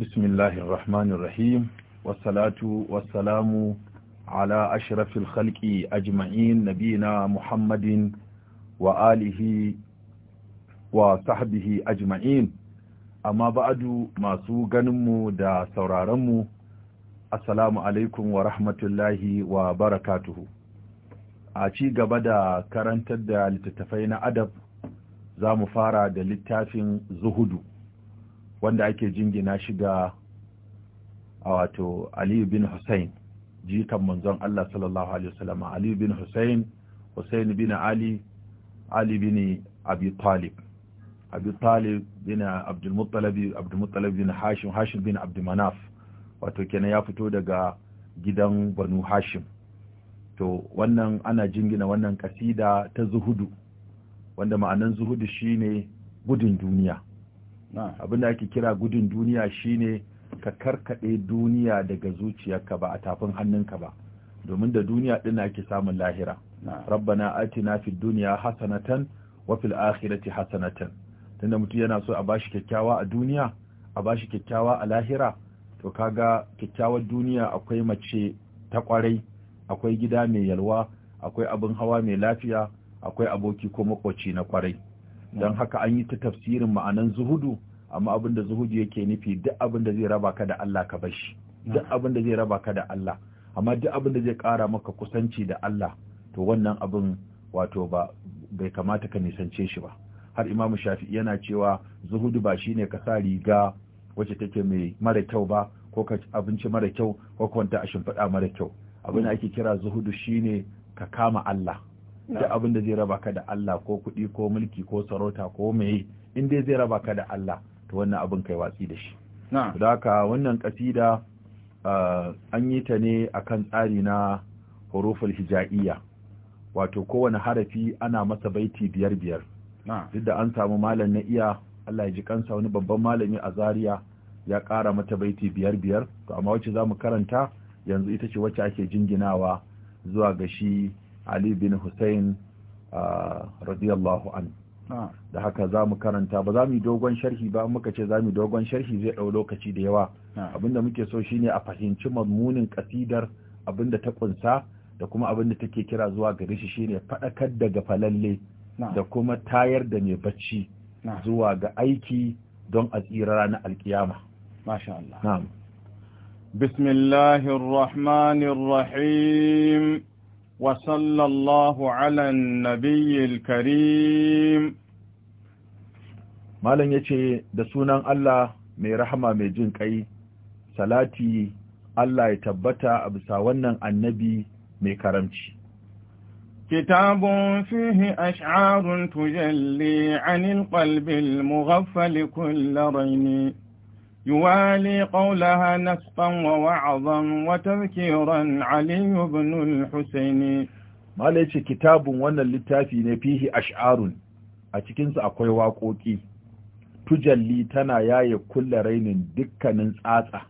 بسم الله الرحمن الرحيم والصلاة والسلام على أشرف الخلق أجمعين نبينا محمد وآله وصحبه أجمعين أما بعد ما سوغنم دا سرارم السلام عليكم ورحمة الله وبركاته أتي قبدا كرنتد لتتفين أدب za mu fara da littafin zuhudu wanda ake jingina shi ga a wato aliyu bin hussein jikan manzon Allah sallallahu alaihi wasallam aliyu bin hussein hussein bin ali ali bin abi talib abi talib bin abdul muttalib abdul muttalib bin hashim hashim bin abdul manaf wato kenan ya fito daga gidan banu hashim to wannan ana jingina wannan kasida ta zuhudu wanda ma'anan zuhudu shine gudun duniya abin da ake kira gudun duniya shine ka karkaɗe duniya daga zuciyarka ba a tafin hannunka ba domin da duniya ɗin ake samun lahira rabbana atina fid duniya hasanatan wa fil akhirati hasanatan tunda mutum yana so a bashi kyakkyawa a duniya a bashi kyakkyawa a lahira to kaga kyakkyawar duniya akwai mace ta kwarai akwai gida mai yalwa akwai abin hawa mai lafiya akwai aboki ko makoci na kwarai don mm. haka an yi ta tafsirin ma'anan zuhudu amma abin da zuhudu yake nufi duk abin da zai raba ka da Allah ka bar shi mm. duk abin da zai raba ka da Allah amma duk abin da zai ƙara maka kusanci da Allah to wannan abin wato ba bai kamata ka nisance shi ba har imamu shafi yana cewa zuhudu ba shine ka sa riga wacce take mai mara kyau ba ko ka abinci mara kyau ko kwanta a shimfiɗa mara kyau abin da ake kira zuhudu shine ka kama Allah da abin da zai raba ka da Allah ko kuɗi ko mulki ko sarauta ko meye in dai zai raba ka da Allah to wannan abin kai watsi da shi da haka wannan kasida ah, an yi ta ne akan tsari na huruful hijaiya wato kowane harafi ana masa baiti biyar biyar duk da an samu malam na iya Allah ya ji kansa wani babban malami a Zaria ya ƙara mata baiti biyar biyar to amma wacce zamu karanta yanzu ita ce wacce ake jinginawa zuwa ga shi ali bin hussein uh, radiyallahu an da haka za mu karanta ba za mu yi dogon sharhi ba muka ce za mu yi dogon sharhi zai ɗau lokaci da yawa abinda muke so shine a fahimci mummunin kasidar abinda ta kunsa da kuma abinda take kira zuwa gare shi shine faɗakar daga falalle da kuma tayar da mai bacci zuwa ga aiki don a tsira ranar alkiyama masha Allah na'am bismillahir rahmanir rahim وصلى الله على النبي الكريم مالن yace da sunan Allah mai rahama mai jin ƙai, salati Allah ya tabbata a bisa wannan annabi mai karamci كتاب فيه أشعار تجلي عن القلب المغفل كل رين يوالي قولها نسقا ووعظا وتذكيرا علي بن الحسين ما ليش كتاب وانا للتافي فيه أشعار أتكنس أقوي واقوكي tujalli tana yaye kulle rainin dukkanin tsatsa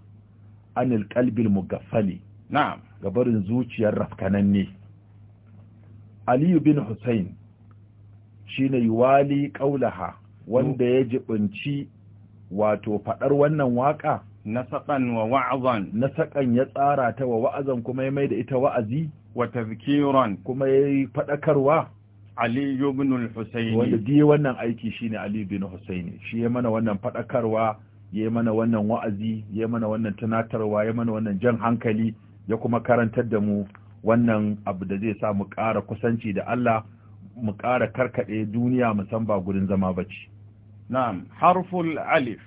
anil kalbil mugaffali ga barin zuciyar rafkananne Aliyu bin Hussein shine yuwali qaulaha wanda ya jibinci wato faɗar wannan waƙa nasaƙan wa wa'azan nasaƙan ya tsara ta wa wa'azan kuma ya maida ita wa'azi wa tazkiran kuma ya faɗakarwa Ali ibn al-Husaini wanda dai wannan aiki shine Ali ibn Husaini shi ya mana wannan faɗakarwa ya mana wannan wa'azi ya mana wannan tunatarwa ya mana wannan jan hankali ya kuma karantar da mu wannan abu da zai sa mu ƙara kusanci da Allah mu ƙara karkaɗe duniya san ba gurin zama bace na'am harful alif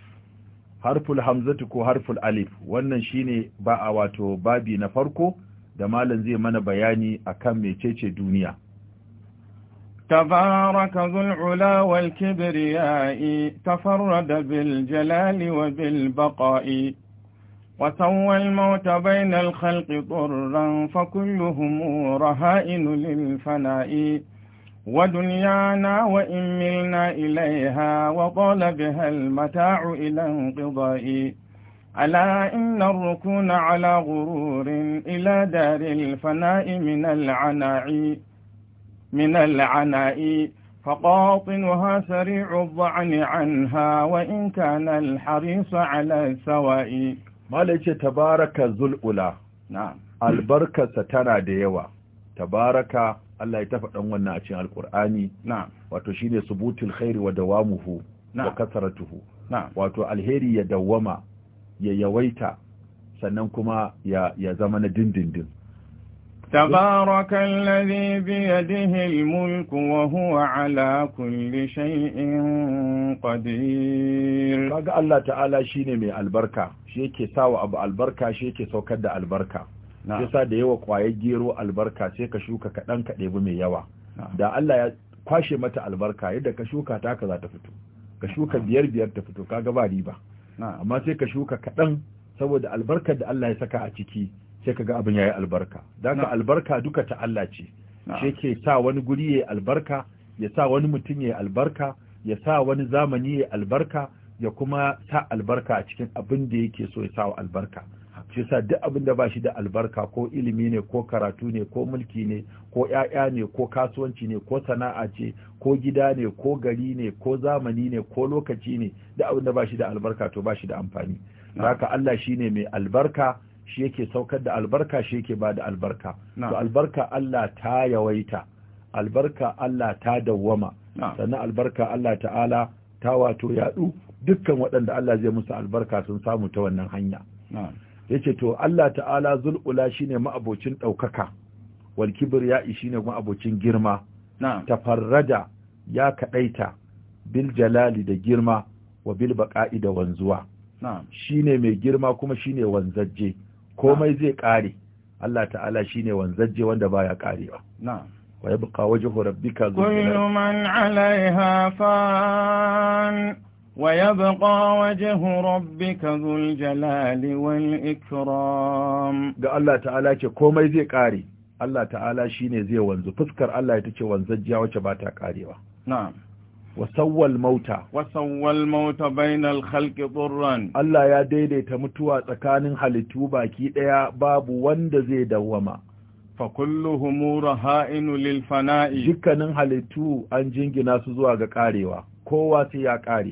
harful hamzatu ko harful alif wannan shine ba a wato babi na farko da malam zai mana bayani akan mecece duniya تبارك ذو العلا والكبرياء تفرد بالجلال وبالبقاء وسوى الموت بين الخلق طرا فكلهم رهائن للفناء ودنيانا وإن ملنا إليها وطال بها المتاع إلى انقضاء ألا إن الركون على غرور إلى دار الفناء من العناء من العناء فقاطنها سريع الضعن عنها وإن كان الحريص على السواء مالك تبارك ذو الأولى نعم البركة ستنا ديوة تبارك Allah ya ta faɗan wannan a cikin alkur'ani wato shine subutul khairi wa dawamuhu wa kasaratuhu wato alheri ya dawwama ya yawaita sannan kuma ya zama na dindindin تبارك الذي بيده الملك وهو على كل شيء قدير kaga Allah ta'ala shine mai albarka shi yake sawa abu albarka shi yake saukar da albarka yasa da yawa kwaye gero albarka sai ka shuka kaɗan ka ɗebi mai yawa da Allah ya kwashe mata albarka yadda ka shuka ta ka za ta fito ka shuka biyar biyar ta fito kaga ba riba amma sai ka shuka kaɗan saboda albarkar da Allah ya saka a ciki sai ka ga abin yayi albarka dan ka albarka duka ta Allah ce shi ke sa wani guri yayi albarka ya sa wani mutum yayi albarka ya sa wani zamani yayi albarka ya kuma sa albarka a cikin abin da yake so ya sa albarka shi sa duk abin da ba shi da albarka ko ilimi ne ko karatu ne ko mulki ne ko ‘ya'ya ne ko kasuwanci ne ko sana'a ce ko gida ne ko gari ne ko zamani ne ko lokaci ne duk abin da ba shi da albarka to ba shi da amfani haka Allah shi ne mai albarka shi yake saukar da albarka shi yake ba da albarka to albarka Allah ta yawaita albarka Allah ta dawwama sannan albarka Allah ta'ala ta wato yaɗu dukkan waɗanda Allah zai musu albarka sun samu ta wannan hanya yace to Allah ta'ala zul'ula shine ma'abocin daukaka wal ishi shine ma'abocin girma na'am tafarrada ya kaɗaita bil jalali da girma wa bil baqa'i da wanzuwa na'am shine mai girma kuma shine wanzajje komai zai ƙare, Allah ta'ala shine wanzajje wanda baya karewa na'am wa ka ربك ذو كل من عليها ويبقى وجه ربك ذو الجلال والإكرام ga Allah ta'ala ce komai zai kare Allah ta'ala shine zai wanzu fuskar Allah ita ce wanzajjiya wacce ba ta karewa na'am wasawwal mauta wasawwal mauta bainal khalqi turran Allah ya daidaita mutuwa tsakanin halittu baki ɗaya, babu wanda zai dawwama fa kulluhum raha'inu lil fana'i dukkanin halittu an jingina su zuwa ga ƙarewa, kowa sai ya ƙare.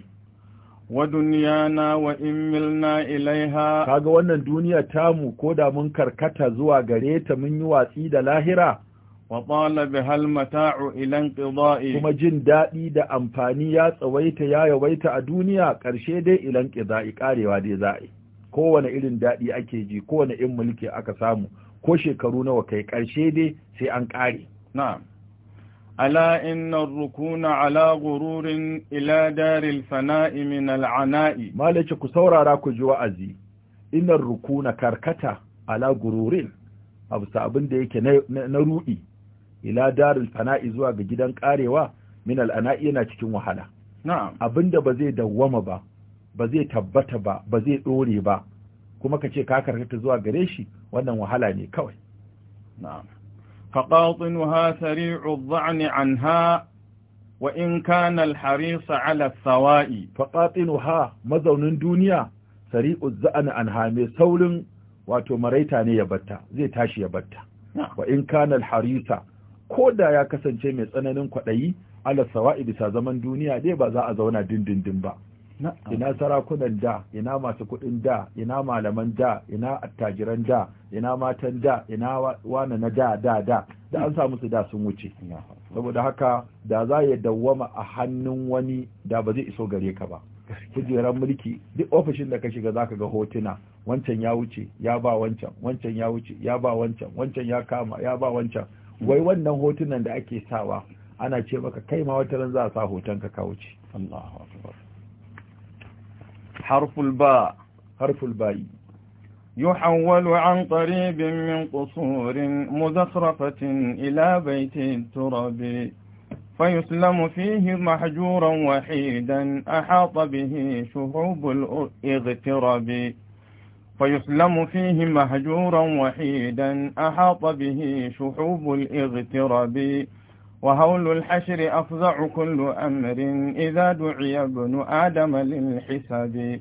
wa dunyana wa imilna ilaiha kaga wannan duniya tamu ko da mun karkata zuwa gare ta mun yi watsi da lahira wa tala hal mata'u ila inqida'i kuma jin dadi da amfani ya tsawaita ya yawaita a duniya karshe dai ila inqida'i karewa dai za'i kowane irin dadi ake ji kowane in mulki aka samu ko shekaru nawa kai karshe dai sai an kare na'am ألا إن الركون على غرور إلى دار الفناء من العناء ما لك كسورة راكو جوازي إن الركون كركتا على غرور أبو سابن ديك نروئي إلى دار الفناء زوا بجدان كاريوا من الأناء يناتكم وحلا نعم أبن دا بزي دوام با بزي تبت با بزي أوري با كما كتشي كاكر كتزوا غريشي وانا وحلا ني كوي نعم فقاطنها سريع الظعن عنها وإن كان الحريص على الثواء فقاطنها مزون دنيا سريع الظعن عنها من سول وتمريتاني يبتا زي تاشي يبتا وإن كان الحريص كودا يا كسنشي من سننن قدأي على الثواء بسا زمن دنيا دي بزا أزونا دندن دن, دن, دن با ina sarakunan da ina masu kudin da ina malaman da ina attajiran da ina matan da ina wane na da da da da an samu su da sun wuce saboda haka da za ya dawwama a hannun wani da ba zai iso gare ka ba kujerar mulki duk ofishin da ka shiga zaka ga hotuna wancan ya wuce ya ba wancan wancan ya wuce ya ba wancan wancan ya kama ya ba wancan wai wannan hotunan da ake sawa ana ce maka kai ma wata ran za a sa hoton ka ka wuce حرف الباء حرف الباء يحول عن قريب من قصور مزخرفة إلى بيت التراب فيسلم فيه محجورا وحيدا أحاط به شعوب الاغتراب فيسلم فيه مهجورا وحيدا أحاط به شحوب الاغتراب وهول الحشر أفضع كل أمر إذا دعي ابن آدم للحساب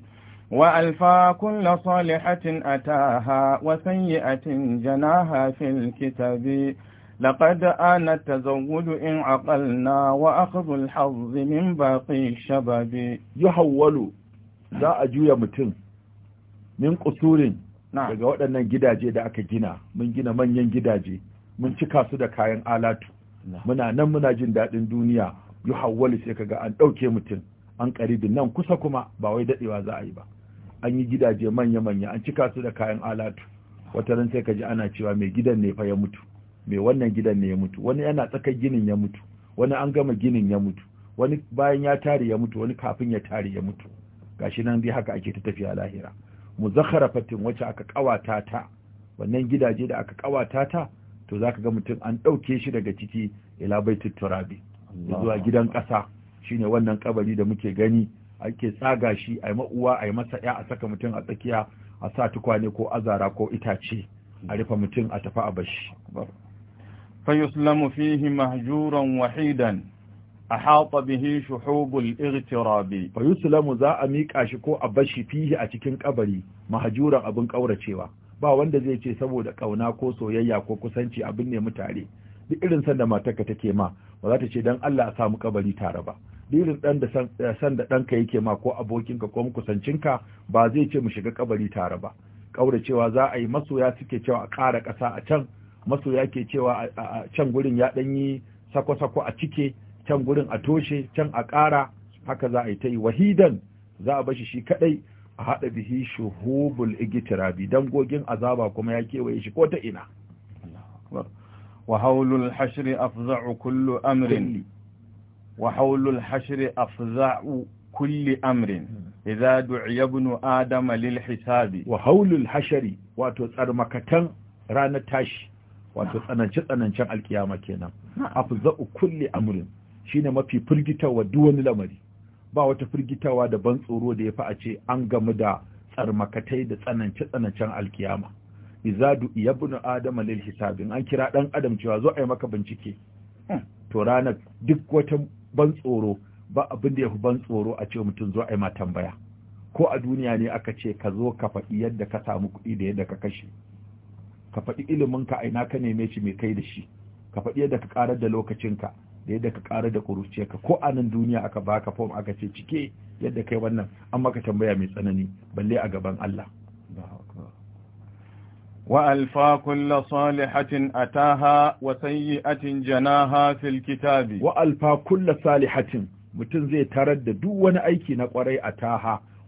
وألفى كل صالحة أتاها وسيئة جناها في الكتاب لقد آن التزود إن عقلنا وأخذ الحظ من باقي الشباب يحول لا أجوية متن من قصور daga waɗannan gidaje da aka gina mun gina manyan gidaje mun cika su da kayan alatu muna nan muna jin daɗin duniya yu hawali sai kaga an ɗauke mutum an karibin nan kusa kuma ba wai daɗewa za a yi ba an yi gidaje manya-manya an cika su da kayan alatu wata ran sai kaji ana cewa mai gidan ne fa ya mutu mai wannan gidan ne ya mutu wani yana tsakar ginin ya mutu wani an gama ginin ya mutu wani bayan ya tare ya mutu wani kafin ya tare ya mutu gashi nan dai haka ake ta tafiya lahira muzakharafatin wacce aka kawata ta wannan gidaje da aka kawata ta to za ka ga mutum an ɗauke shi daga ciki ila baitul turabi zuwa gidan ƙasa shine wannan ƙabari da muke gani ake tsaga shi a yi ma'uwa a yi masa ya a saka mutum a tsakiya a sa tukwane ko azara ko itace a rufe mutum a tafi a bashi fayuslamu fihi mahjuran wahidan ahata bihi shuhubul igtirabi fayuslamu za a miƙa shi ko a bashi fihi a cikin ƙabari mahjuran abin ƙauracewa ba wanda zai ce saboda ƙauna ko soyayya ko kusanci abin ne mu tare duk irin san da matarka take ma ba za ta ce dan Allah a samu kabari tare ba duk irin dan da san eh, da danka yake ma ko abokinka ko kusancinka ba zai ce mu shiga kabari tare ba kaura cewa za a yi masoya suke cewa a ƙara ƙasa a can masoya ke cewa a can gurin ya danyi sako-sako a cike can gurin a toshe can a ƙara haka za a yi ta yi wahidan za a bashi shi kadai a haɗa bihi shuhubul igitirabi dangogin azaba kuma ya kewaye shi ko ta ina wa haulul hashri afza'u kullu amrin wa haulul hashri afza'u kulli amrin hmm. idza du'iya ibn adama lil hisabi wa haulul hashri wato tsarmakatan ranar tashi wato tsananci tsanancin alkiyama kenan afza'u kulli amrin shine mafi firgitarwa duk wani lamari ba wata firgitawa da ban tsoro da ya fi a ce an gamu da tsarmakatai da tsanance-tsanancen alkiyama izadu iya bunu adama lil hisabin an kira ɗan adam cewa zo a yi maka bincike hmm. to ranar duk wata ban tsoro ba abin da ya fi ban tsoro a ce mutum zo a yi ma tambaya ko a duniya ne aka ce ka zo ka faɗi yadda ka samu kuɗi da yadda ka kashe ka faɗi ilimin ka aina ka neme shi mai kai da shi ka faɗi yadda ka ƙarar da lokacinka da yadda ka ƙara da ka ko a nan duniya aka baka fom aka ce cike yadda kai wannan an maka tambaya mai tsanani balle a gaban Allah وألفا كل صالحة أتاها وسيئة جناها في الكتاب وألفا zai tarar da زي ترد دو وانا ايكي نقوري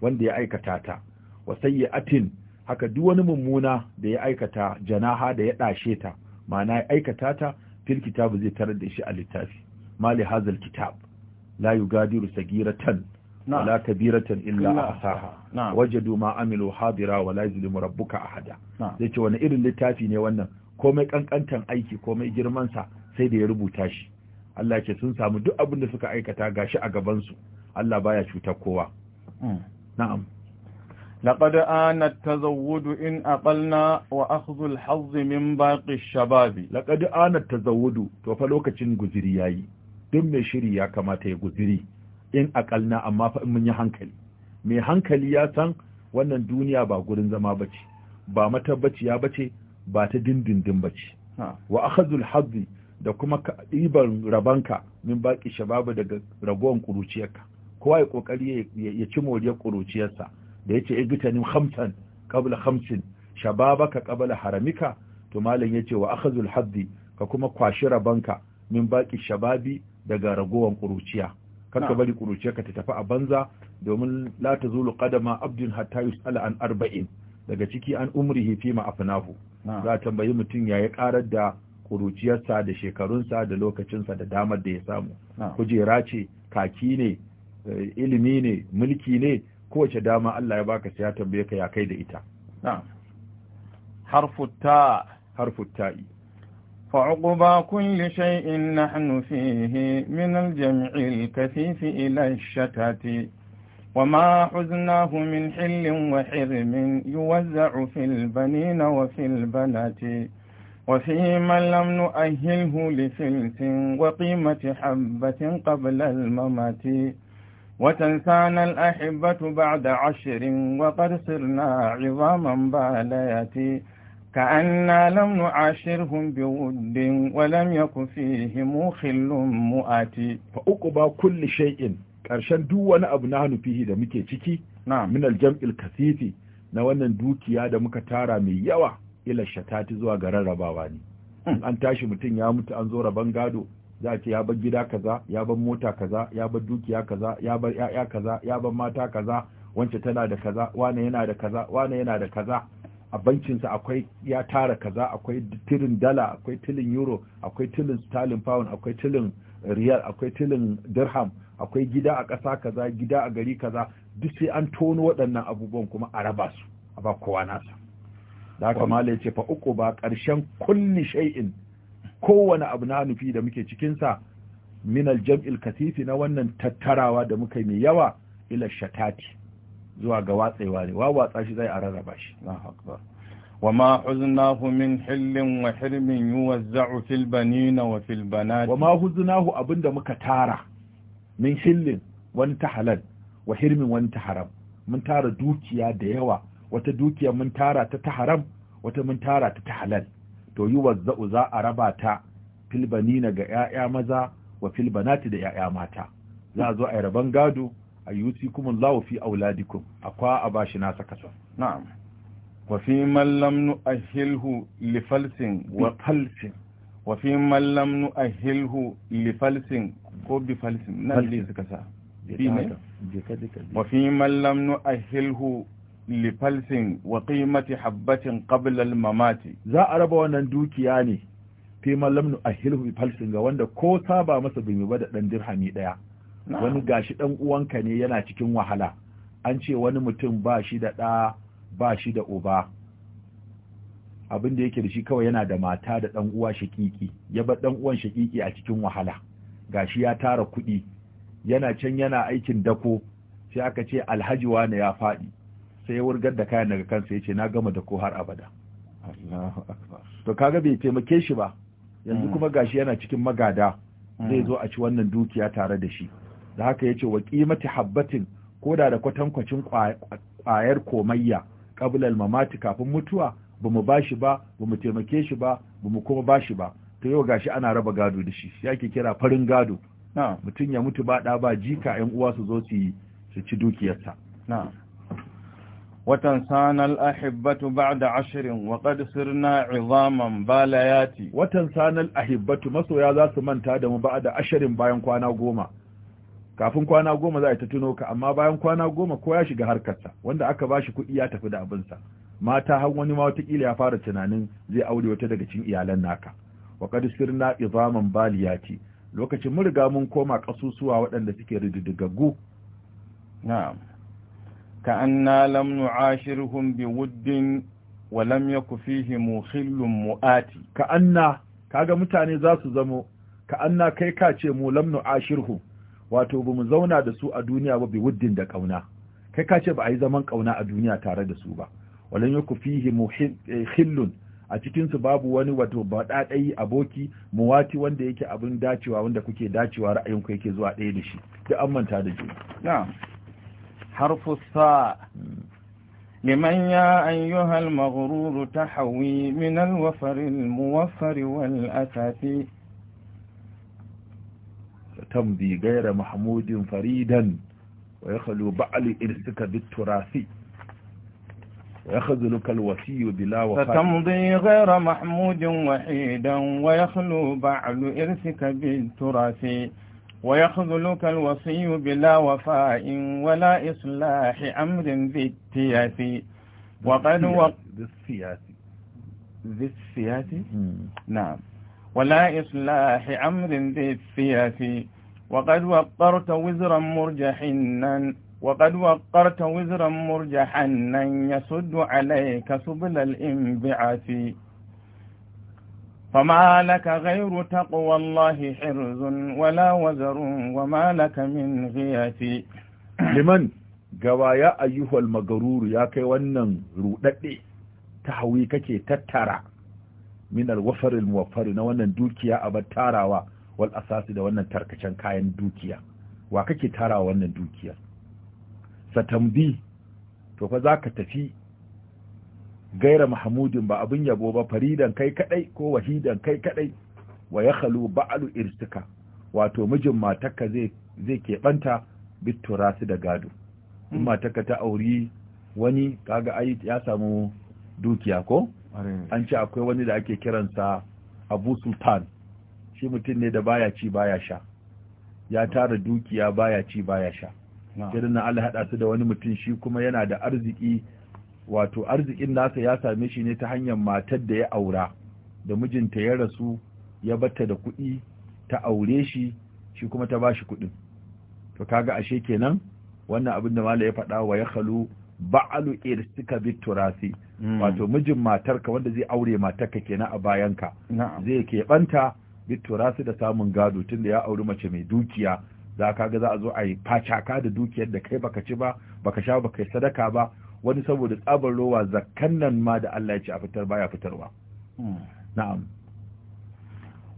wanda ya دي ايكا تاتا وسيئة haka duk wani mummuna da ya aikata janaha da ya ɗashe ta ma'ana ya aikata ta fil zai tarar da shi a littafi mali hazal kitab la yugadiru sagiratan wala kabiratan illa ahsaha wajadu ma amilu hadira wala yuzlimu rabbuka ahada yace wani irin littafi ne wannan komai kankantan aiki komai girman sa sai da ya rubuta shi Allah ce sun samu duk abin da suka aikata ga gashi a gabansu su Allah baya cutar kowa na'am لقد آن wa إن أقلنا وأخذ الحظ من باقي الشباب لقد آن التزود توفى لوكا تنقذ رياي duk mai shiri ya kamata ya guziri in akalna amma fa mun yi hankali mai hankali ya san wannan duniya ba gurin zama bace ba ya bace ba ta dindindin bace wa akhadul hazzi da kuma iban rabanka min baki shababu daga ragowan kuruciyarka kowa ya kokari ya ci moriyar kuruciyarsa da yace igtanim khamsan qabla khamsin shababaka qabla haramika to malam yace wa akhadul hazzi ka kuma kwashi rabanka min baki shababi daga ragowar ƙuruciya kar ka bari ƙuruciya ka ta tafi a banza domin la ta zulu qadama abdin hatta yus'ala an arba'in daga ciki an umrihi fi ma afnahu za tambayi mutum yayi karar da ƙuruciyarsa da shekarunsa da lokacinsa da damar da ya samu kujera ce kaki ne eh, ilimi ne mulki ne kowace dama Allah ya baka sai ya tambaye ka ya kai da ita harfu ta فعقبى كل شيء نحن فيه من الجمع الكثيف إلى الشتات وما حزناه من حل وحرم يوزع في البنين وفي البنات وفي من لم نؤهله لفلس وقيمة حبة قبل الممات وتنسانا الأحبة بعد عشر وقد صرنا عظاما باليات كأننا لم نعاشرهم بود ولم يكن فيهم خل مؤتي فأقبى كل شيء ƙarshen duk wani abu na fihi da muke ciki na minal jam'il kasifi na wannan dukiya da muka tara mai yawa ila shatati zuwa ga rarrabawa ne an tashi mutum ya mutu an zo rabon gado za a ce ya bar gida kaza ya bar mota kaza ya bar dukiya kaza ya bar ya'ya kaza ya bar mata kaza wance tana da kaza wane yana da kaza wane yana da kaza a bankinsa akwai ya tara kaza akwai tilin dala akwai tilin euro akwai tilin sterling pound akwai tilin riyal akwai tilin dirham akwai gida a ƙasa kaza gida a gari kaza duk sai an tono waɗannan abubuwan kuma a raba su a ba kowa nasa da haka malai ce fa uku ba ƙarshen kulli shay'in kowane abu na nufi da muke cikin sa min al-jam'il kasifi na wannan tattarawa da muka yi mai yawa ila shatati zuwa ga watsewa ne watsa shi zai a rarraba shi na akbar wa ma huznahu min hillin wa hirmin yuwazza'u fil banina wa fil banati wa ma huznahu abinda muka tara min hillin wani ta halal wa hirmin wani ta haram mun tara dukiya da yawa wata dukiya mun tara ta ta haram wata mun tara ta ta halal to yuwazza'u za a raba ta fil banina ga 'ya'ya maza wa fil banati da 'ya'ya mata za a zo a yi rabon gado ayyusikum kuma fi auladikum akwa a bashi nasa kaso na'am wa fi man lam nu'ahhilhu li falsin wa falsin wa fi man lam nu'ahhilhu li falsin ko bi falsin nan suka sa wa fi man lam nu'ahhilhu wa qimati habatin qabla mamati za a raba wannan dukiya ne fi man lam nu'ahhilhu bi falsin ga wanda ko saba masa bai ba da dan dirhami ɗaya. wani gashi dan uwanka ne yana cikin wahala an ce wani mutum ba shi da ɗa ba shi da uba abin da yake da shi kawai yana da mata da ɗan uwa shakiki ya bar ɗan uwan shakiki a cikin wahala gashi ya tara kuɗi yana can yana aikin dako sai aka ce alhaji wane ya faɗi sai ya wurgar da kayan daga kansa ya ce na gama dako har abada to kaga bai taimake shi ba yanzu hmm. kuma gashi yana cikin magada zai hmm. zo a ci wannan dukiya tare da shi da haka ya ce wa kimati habbatin koda da kwatankwacin kwayar komayya qabla al mamati kafin mutuwa bamu bashi ba bamu taimake shi ba mu kuma bashi ba to yau gashi ana raba gado da shi yake kira farin gado mutum ya mutu ba da ba jika yan uwa su zo su yi su ci dukiyarsa وتنسانا الأحبة بعد عشر masoya صرنا عظاما باليات وتنسانا الأحبة مسو يا ذات من تادم بعد kafin kwana goma za a ta tuno ka amma bayan kwana goma ko ya shiga harkarsa wanda aka ba shi kuɗi ya tafi da abinsa mata har wani ma watakila ya fara tunanin zai aure wata daga cikin iyalan naka wa qad sirna izaman baliyati lokacin mun riga mun koma kasusuwa waɗanda suke rididdigaggu na'am ka anna lam nu'ashirhum bi wuddin wa lam yaku fihi mukhillun mu'ati ka anna kaga mutane za su zamo ka anna kai ka ce mu lam nu'ashirhum wato ba mu zauna da su a duniya ba bi wuddin da kauna kai ka ce ba a yi zaman kauna a duniya tare da su ba walan yaku fihi eh, khillun a cikin su babu wani wato badadai aboki muwati wanda yake abin dacewa wanda kuke dacewa ra'ayin ku yake zuwa daya da shi duk an manta da juna na'am harfu sa لمن يا أيها المغرور تحوي من الوفر الموفر والأساسي تمضي غير محمود فريدا ويخلو بعل إرسك بالتراثي ويخذلك الوفي بلا وفاء فتمضي غير محمود وحيدا ويخلو بعل إرسك بالتراث ويخذلك الوصي بلا وفاء ولا إصلاح أمر ذي التياثي وقد وق... ذي السياسي ذي السياسي؟ نعم ولا إصلاح أمر ذي السياسي وقد وقرت وزرا مرجحنا وقد وقرت وزرا مرجحنا يسد عليك سبل الانبعاث فما لك غير تقوى الله حرز ولا وزر وما لك من غياث لمن gawa ya ayyuhal magaruru ya kai wannan rudadde ta hawi kake tattara min alwafaril muwaffari na wannan dukiya a battarawa wal asasi da wannan tarkacen kayan dukiya wa kake tara wannan dukiyar satambi to fa zaka tafi gaira mahmudin ba abin yabo ba faridan kai kadai ko wahidan kai kadai wa khalu ba'lu irtika wato mijin matarka zai zai keɓanta bitturasi da gado in hmm. matakka ta auri wani kaga ai ya samu dukiya ko an ce akwai wani da ake kiransa abu sultan shi mutum ne da baya ci baya sha ya tara dukiya baya ci baya sha irin na Allah hada su da wani mutum shi kuma yana da arziki wato arzikin nasa ya same shi ne ta hanyar matar da ya aura da mijinta ya rasu ya batta da kuɗi ta aure shi shi kuma ta bashi kuɗin to kaga ashe kenan wannan abin da mala ya faɗa wa ya khalu ba'alu irsika turasi. Hmm. wato mijin matarka wanda zai aure matarka kenan a bayanka zai keɓanta su da samun gado tun da ya auri mace mai dukiya za ka ga za a zo a yi facaka da dukiyar da kai baka ci ba baka sha baka yi sadaka ba wani saboda tsabar rowa zakkan nan ma da Allah ya ce a fitar baya fitarwa na'am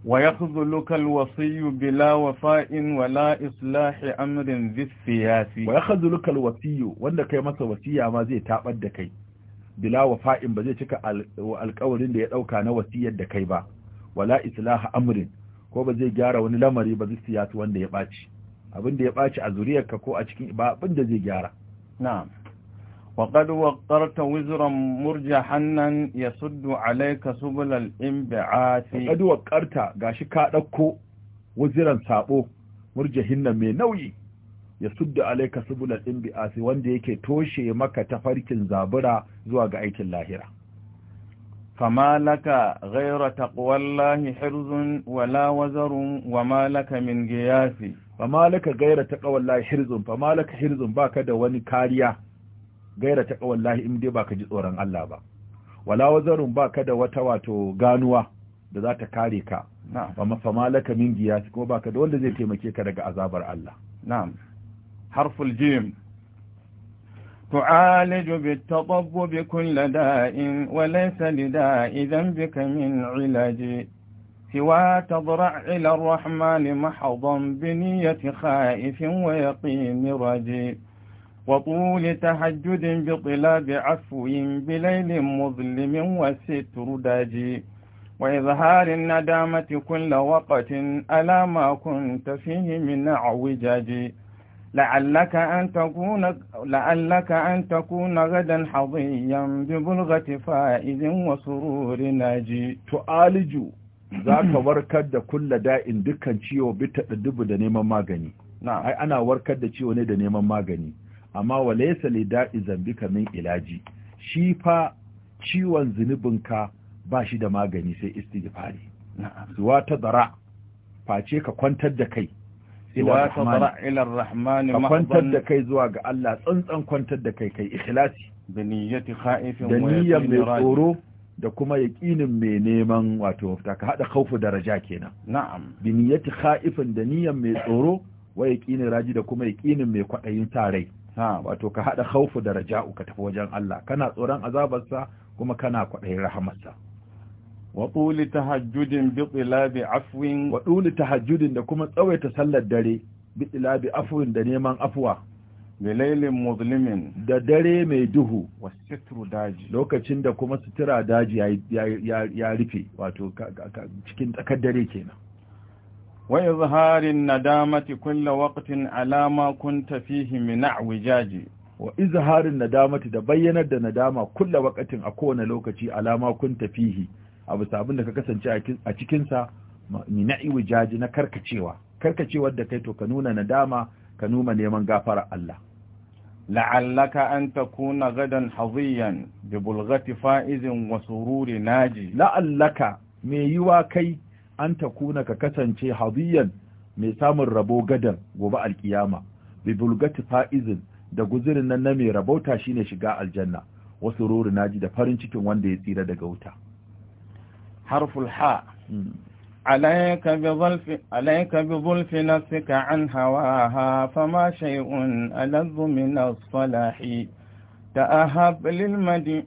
wa yakhdhuluka alwasiy bila wafa'in La islahi amrin bis siyasi wa yakhdhuluka alwasiy wanda kai masa wasiya ma zai tabar da kai bila wafa'in ba zai cika alƙawarin da ya dauka na wasiyar da kai ba wala islaha amrin ko ba zai gyara wani lamari ba zai wanda ya baci abin da ya baci a zuriyarka ko a cikin ba abin da zai gyara na'am wa qad waqarta wizran murjahannan yasuddu alayka subul al-inbi'ati qad waqarta gashi ka dauko waziran sabo murjahinnan mai nauyi yasuddu alayka subul al-inbi'ati wanda yake toshe maka tafarkin zabura zuwa ga aikin lahira فما لك غير تقوى الله حرز ولا وزر وما لك من قياس فما لك غير تقوى الله حرز فما لك حرز باك دا وني كاريا غير تقوى الله امدي باك جي tsoron Allah ba wala wazarun baka da wata wato ganuwa da za ta kare ka amma fama laka min giyasi ko baka da wanda zai taimake ka daga azabar Allah na'am harful تعالج بالتطبب كل داء وليس لداء ذنبك من علاج سوى تضرع إلى الرحمن محضا بنية خائف ويقين رجي وطول تهجد بطلاب عفو بليل مظلم وستر داجي وإظهار الندامة كل وقت ألا ما كنت فيه من أعوجاجي لعلك أن تكون لعلك أن تكون غدا حظيا ببلغة فائز وسرور ناجي تعالج ذاك warkar da kulla da'in dukkan ciwo bi taddubu da neman magani ai ana warkar da ciwo ne da neman magani amma walaysa li da'i zambika min ilaji shi fa ciwon zunubin ka ba shi da magani sai istighfari zuwa ta dara face ka kwantar da kai ila tadra ila kwantar da kai zuwa ga Allah tsantsan kwantar da kai kai ikhlasi da niyyati khaifin wa yaqin mai tsoro da kuma yaqinin mai neman wato ta ka hada khaufu daraja kenan na'am bi niyyati khaifin da niyyan mai tsoro wa yaqinin raji da kuma yaqinin mai kwadayin tarai ha wato ka hada khaufu daraja ka tafi wajen Allah kana tsoron azabarsa kuma kana kwadayin rahamarsa wa tuli tahajjudin bi tilabi afwin wa tuli tahajjudin da kuma tsawaita sallar dare bi tilabi afwin da neman afwa bi lailin muzlimin da dare mai duhu wa sitru daji lokacin da kuma sutura daji ya rufe wato cikin tsakar dare kenan wa izharin nadamati kulla waqtin ala ma kunta fihi min awjaji wa izharin nadamati da bayyanar da nadama kulla waqtin a kowane lokaci alama kun tafihi abu sabin da ka kasance a cikinsa na'i wujaji na karkacewa karkacewa da kai to ka nuna nadama ka nuna neman gafara Allah la'allaka an takuna gadan haziyan bi bulghati fa'izin wa sururi naji la'allaka me yiwa kai an takuna ka kasance haziyan mai samun rabo gadan gobe alkiyama bi bulghati fa'izin da guzurin nan na mai rabauta shine shiga aljanna wa sururi naji da farin cikin wanda ya tsira daga wuta حرف الحاء عليك بظلف عليك بظلف نفسك عن هواها فما شيء ألذ من الصلاح تأهب للمدي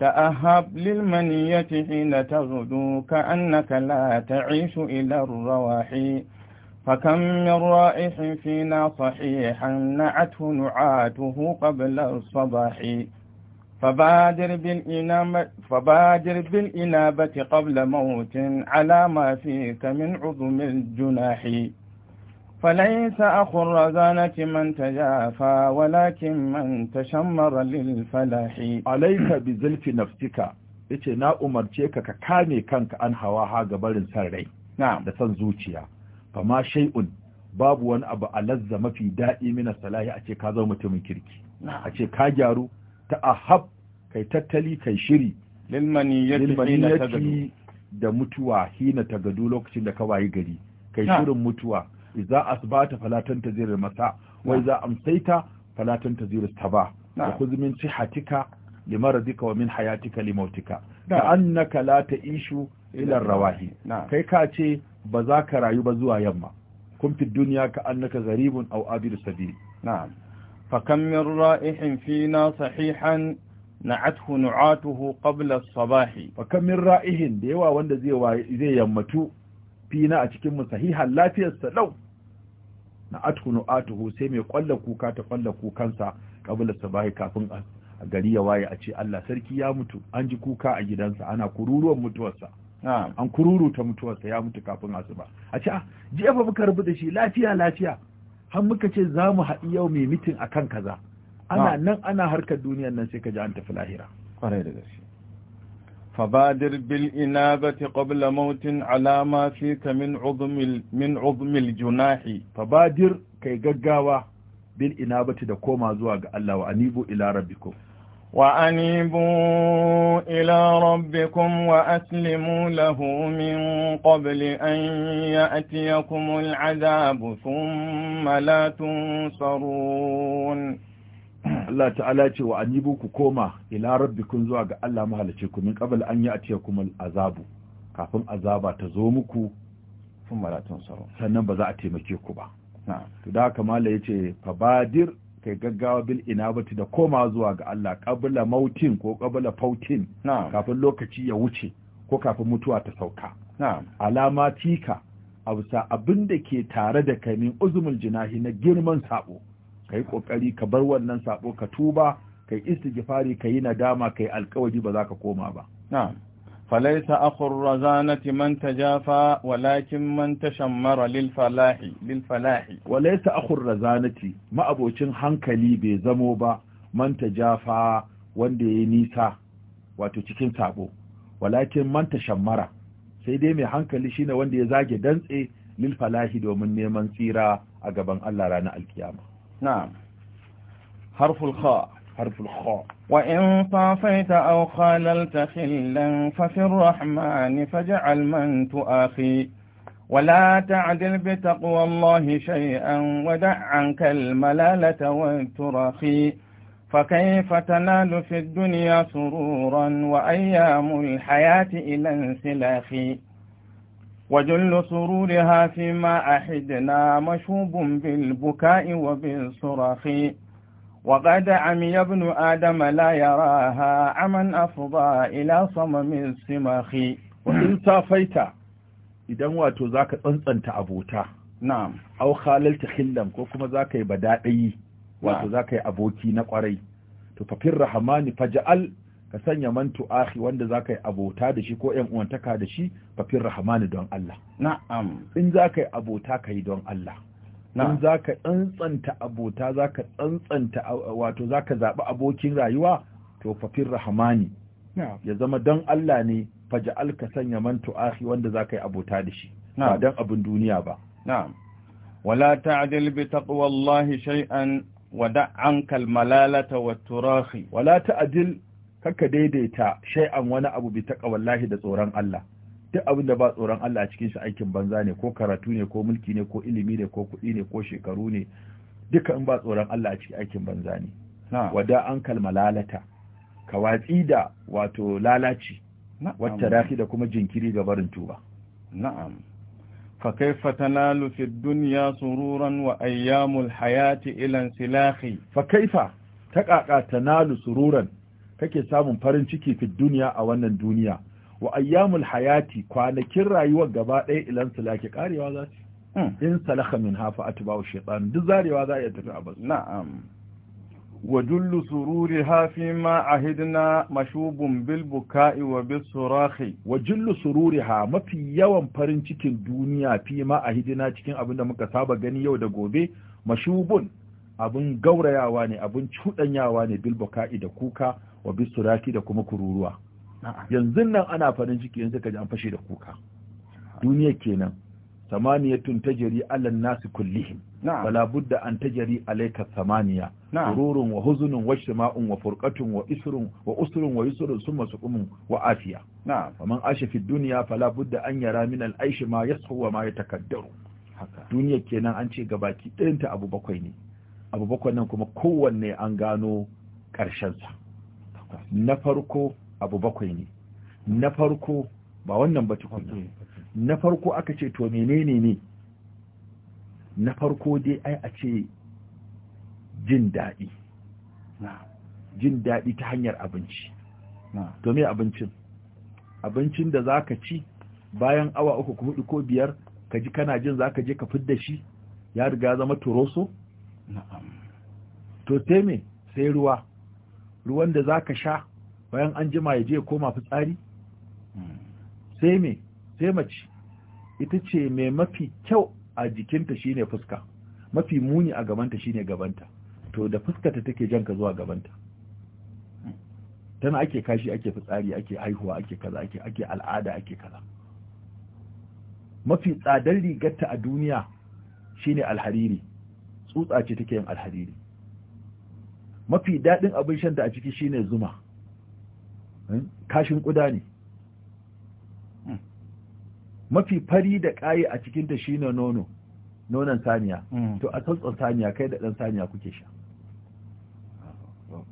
تأهب للمنية حين تغدو كأنك لا تعيش إلى الرواحي فكم من رائح فينا صحيحا نعته نعاته قبل الصباح فبادر بالإنابة, فبادر بالإنابة قبل موت على ما فيك من عظم الجناح فليس أخو الرزانة من تجافى ولكن من تشمر للفلاح عليك بزلف نفسك yace na umarce ka ka kame kanka an hawa ha barin san rai da san zuciya fama shay'un babu wani abu alazza mafi daɗi mina salahi a ce ka zama mutumin kirki a ce ka gyaru ta ahab kai tattali kai shiri lilmaniyati da mutuwa hina tagadu lokacin da ka wayi gari kai shirin mutuwa idza asbata falatan tazir masa wa idza amsayta falatan tazir taba wa khudh min sihatika limaradika wa min hayatika limautika ka annaka la ta'ishu ila rawahi kai ka ce ba za ka rayu ba zuwa yamma kun fi duniya ka annaka garibun aw abir sabil na'am fa kam min ra'ihin fina sahihan na'athu nu'atuhu qabla as sabah fa kam min ra'ihin da yawa wanda zai zai yammatu fina a cikin musahihan lafiyar sa lau na'athu nu'atuhu sai mai kwalla kuka ta kwalla kukansa qabla as sabah kafin a gari ya waye a ce Allah sarki ya mutu an ji kuka a gidansa ana kururuwan mutuwarsa an kururu ta mutuwarsa ya mutu kafin asuba a ce jefa muka rubuta shi lafiya lafiya har muka ce za mu haɗi yau mai mitin akan kaza ana nan ana harkar duniyan nan sai ka ji an tafi lahira kwarai da fabadir bil inabati qabla mautin alama fi ka min udmil min udmil junahi fabadir kai gaggawa bil inabati da koma zuwa ga Allah wa anibu ila rabbikum wa anibu ila rabbikum wa aslimu lahu min qabli an ya'tiyakum al'adabu thumma la tunsarun Allah ta'ala ce wa anibu ku koma ila rabbikum zuwa ga Allah mahalice ku min qabl an ya'tiyakum azabu, kafin azaba ta zo muku sun maratun saro sannan ba za a taimake ku ba to da haka mallai yace fabadir kai gaggawa bil inabati da koma zuwa ga Allah qabla mautin ko qabla fautin kafin lokaci ya wuce ko kafin mutuwa ta sauka Alamatika tika abusa abinda ke tare da kai min uzumul jinahi na girman sabo ka yi ƙoƙari ka bar wannan saɓo ka tuba ka yi istigifari ka yi nadama ka yi alkawari ba za ka koma ba falaisa akhur razanati man tajafa walakin lil falahi lil falahi walaisa akhur ma'abocin hankali bai zamo ba man tajafa wanda yayi nisa wato cikin sabo walakin man tashammara sai dai mai hankali shine wanda ya zage dantse lil falahi domin neman tsira a gaban Allah ranar alkiyama نعم حرف الخاء حرف الخاء وإن طافيت أو خاللت خلا ففي الرحمن فاجعل من تؤاخي ولا تعدل بتقوى الله شيئا ودع عنك الملالة والتراخي فكيف تنال في الدنيا سرورا وأيام الحياة إلى انسلاخي وجل سرورها فيما أحدنا مشوب بالبكاء وبالصرخ وقد عمي ابن آدم لا يراها عما أفضى إلى صمم السمخ وإن صافيت إذا واتو ذاك أنت أبوتا نعم أو خاللت خلم كوكما ذاك بدائي واتو ذاك أبوتي نقري تفكر رحماني فجأل ka sanya man tu'ahi wanda za ka yi abota da shi ko ‘yan uwantaka da shi fafin rahamani don Allah. Na'am. In za ka yi abota ka yi don Allah. In za ka tsantsanta abota za ka tsantsanta wato za ka zaɓi abokin rayuwa to fafin rahamani. Ya zama don Allah ne faja'al ka sanya man tu'ahi wanda za ka yi abota da shi. Ba don abin duniya ba. Na'am. Wala ta'adil bi taqwallahi shay'an wada ankal malalata wa turahi. Wala ta'adil haka daidaita shay'an wani abu bi taqwallahi da tsoron Allah duk abin da ba tsoron Allah a cikin shi aikin banza ne ko karatu ne ko mulki ne ko ilimi ne ko kuɗi ne ko shekaru ne duka in ba tsoron Allah a cikin aikin banza ne wada an kalma lalata ka watsi da wato lalaci wata rafi da kuma jinkiri ga barin tuba na'am fa kaifa tanalu fi dunya sururan wa ayyamul hayati ila silahi fa kaifa ta kaka tanalu sururan kake samun farin ciki fi duniya a wannan duniya wa ayyamul hayati kwanakin rayuwar gaba ɗaya ilan lake karewa za su hmm. in salaka min hafa atba'u shaytan duk zarewa za a iya tafi a basu na'am wa dullu sururi hafi ma ahidna mashubun bil buka'i wa bis surahi wa jullu sururi ha mafi yawan farin cikin duniya fi ma ahidna cikin abin da muka saba gani yau da gobe mashubun abin gaurayawa ne abin cuɗanyawa ne bil buka'i da kuka wa bisturaki da kuma kururuwa yanzu nan ana farin ciki yanzu ka ji an fashe da kuka duniya kenan samaniyatun tajri ala an-nas kullihim wala budda an tajri alayka samaniya kururun wa huzunun wa shima'un wa furqatun wa isrun wa usrun wa yusrun summa suqumun wa afiya na'am faman asha fi dunya fala budda an yara min al-aish ma yashu wa ma yatakaddaru duniya kenan an ce gabaki ɗayan ta abu bakwai ne abu bakwai nan kuma kowanne an gano ƙarshen sa na farko abu bakwai ne na farko ba wannan ba tukun na farko aka ce to menene ne na farko dai ai a ce jin daɗi jin daɗi ta hanyar abinci to me abincin abincin da za ka ci bayan awa uku ko hudu ko biyar ka ji kana jin za ka je ka fidda shi ya riga zama turoso to sai me sai ruwa ruwan da zaka sha bayan an jima ya je koma fitsari sai me sai mace ita ce mai mafi kyau a jikinta shine fuska mafi muni a gabanta shine gabanta to da fuskata take janka zuwa gabanta tana ake kashi ake fitsari ake haihuwa ake kaza ake ake al'ada ake kaza mafi tsadar rigarta a duniya shine alhariri tsutsa ce take yin alhariri mafi daɗin abin shanta a ciki shine zuma hmm? kashin ƙuda ne hmm. mafi fari da ƙaye a cikinta shine nono nonon saniya hmm. to a tsantsan saniya kai da ɗan saniya kuke sha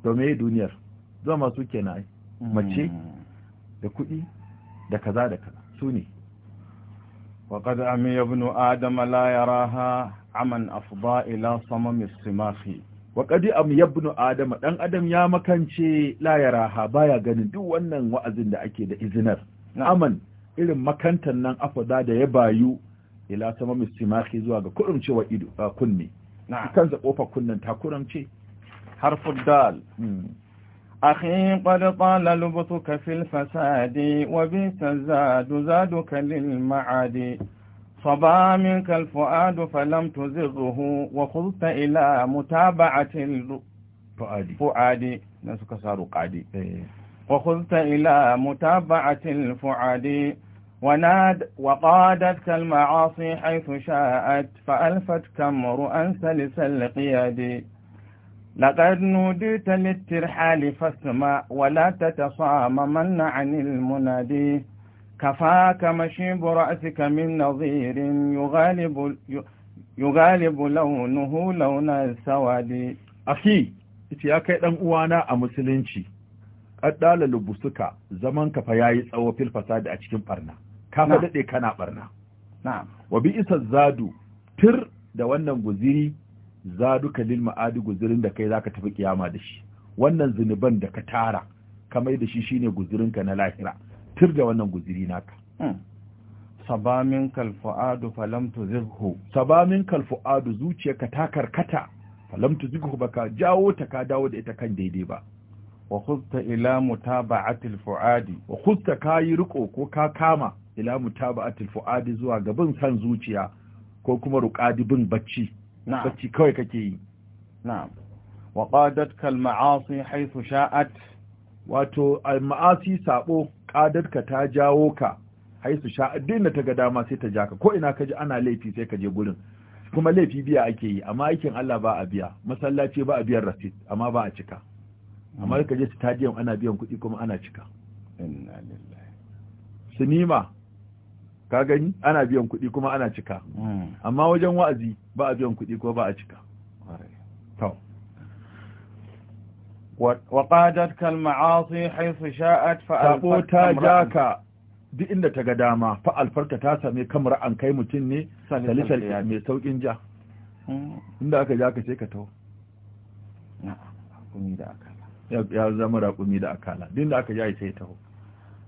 to me duniyar zuwa masu kenan mace da kuɗi da kaza da kaza su ne وقد أمي ابن آدم لا يراها عمن أفضى إلى صمم السماخ wa qadi am yabnu adam dan adam ya makance la yaraha baya ganin duk wannan wa'azin da ake da izinar aman irin makantan nan afada da ya bayu ila sama mistimahi zuwa ga wa ido kan kansa kofa kunnan ta kurumce harful dal tala hmm. lubtuka fil fasadi wa bi وبئس zaduka lil ma'adi صبا منك الفؤاد فلم تزغه وخذت إلى متابعة الفؤاد فؤاد نسك صار قادي إيه. وخذت إلى متابعة الفؤاد وناد وقادتك المعاصي حيث شاءت فألفتك امرؤا سلس القياد لقد نوديت للترحال فاسمع ولا تتصاممن عن المنادي كفاك مشيب رأسك من نظير يغالب يغالب لونه لون السواد ya kai ɗan uwana a musulunci ƙaddala lubusuka zaman ka fa yayi tsawo fil fasadi a cikin barna ka daɗe kana ɓarna. na'am isa zadu tir da wannan guziri zadu kalil ma'adi guzirin da kai zaka tafi kiyama da shi wannan zinuban da ka tara kamai mai da shi shine guzirinka na lahira fitir da wannan guziri naka hmm. sabamin kalfu'adu falamtu zirhu. sabamin kalfu'adu zuciyarka ta karkata falam ba baka jawo ta ka dawo da ita kan daidai ba wa kusta ila mutaba'ati alfu'adi wa ka yi riko ko ka kama ila mutaba'ati alfu'adi zuwa gaban san zuciya ko kuma ruqadi bin bacci bacci kawai kake yi na'am wa ƙadat kalma'asi haifu sha'at wato ma'asi sabo ƙadarka ta jawo ka haisu sha da ta ga dama sai ta ja ka ko ina ka ji ana laifi sai ka je gurin kuma laifi biya ake yi amma aikin Allah ba a biya masallaci ba a biyan rasit amma ba a cika amma ka je stadium ana biyan kuɗi kuma ana cika inna lillahi sinima ka gani ana biyan kuɗi kuma ana cika hmm. amma wajen wa'azi ba a biyan kuɗi ko ba a cika to وقادتك المعاصي حيث شاءت فألفت جاكا duk inda ta ga dama fa alfarka ta same kamar an kai mutum ne salisar mai saukin ja hmm. inda aka ja ka ce ka tau ya zama raƙumi da akala duk aka ja sai tau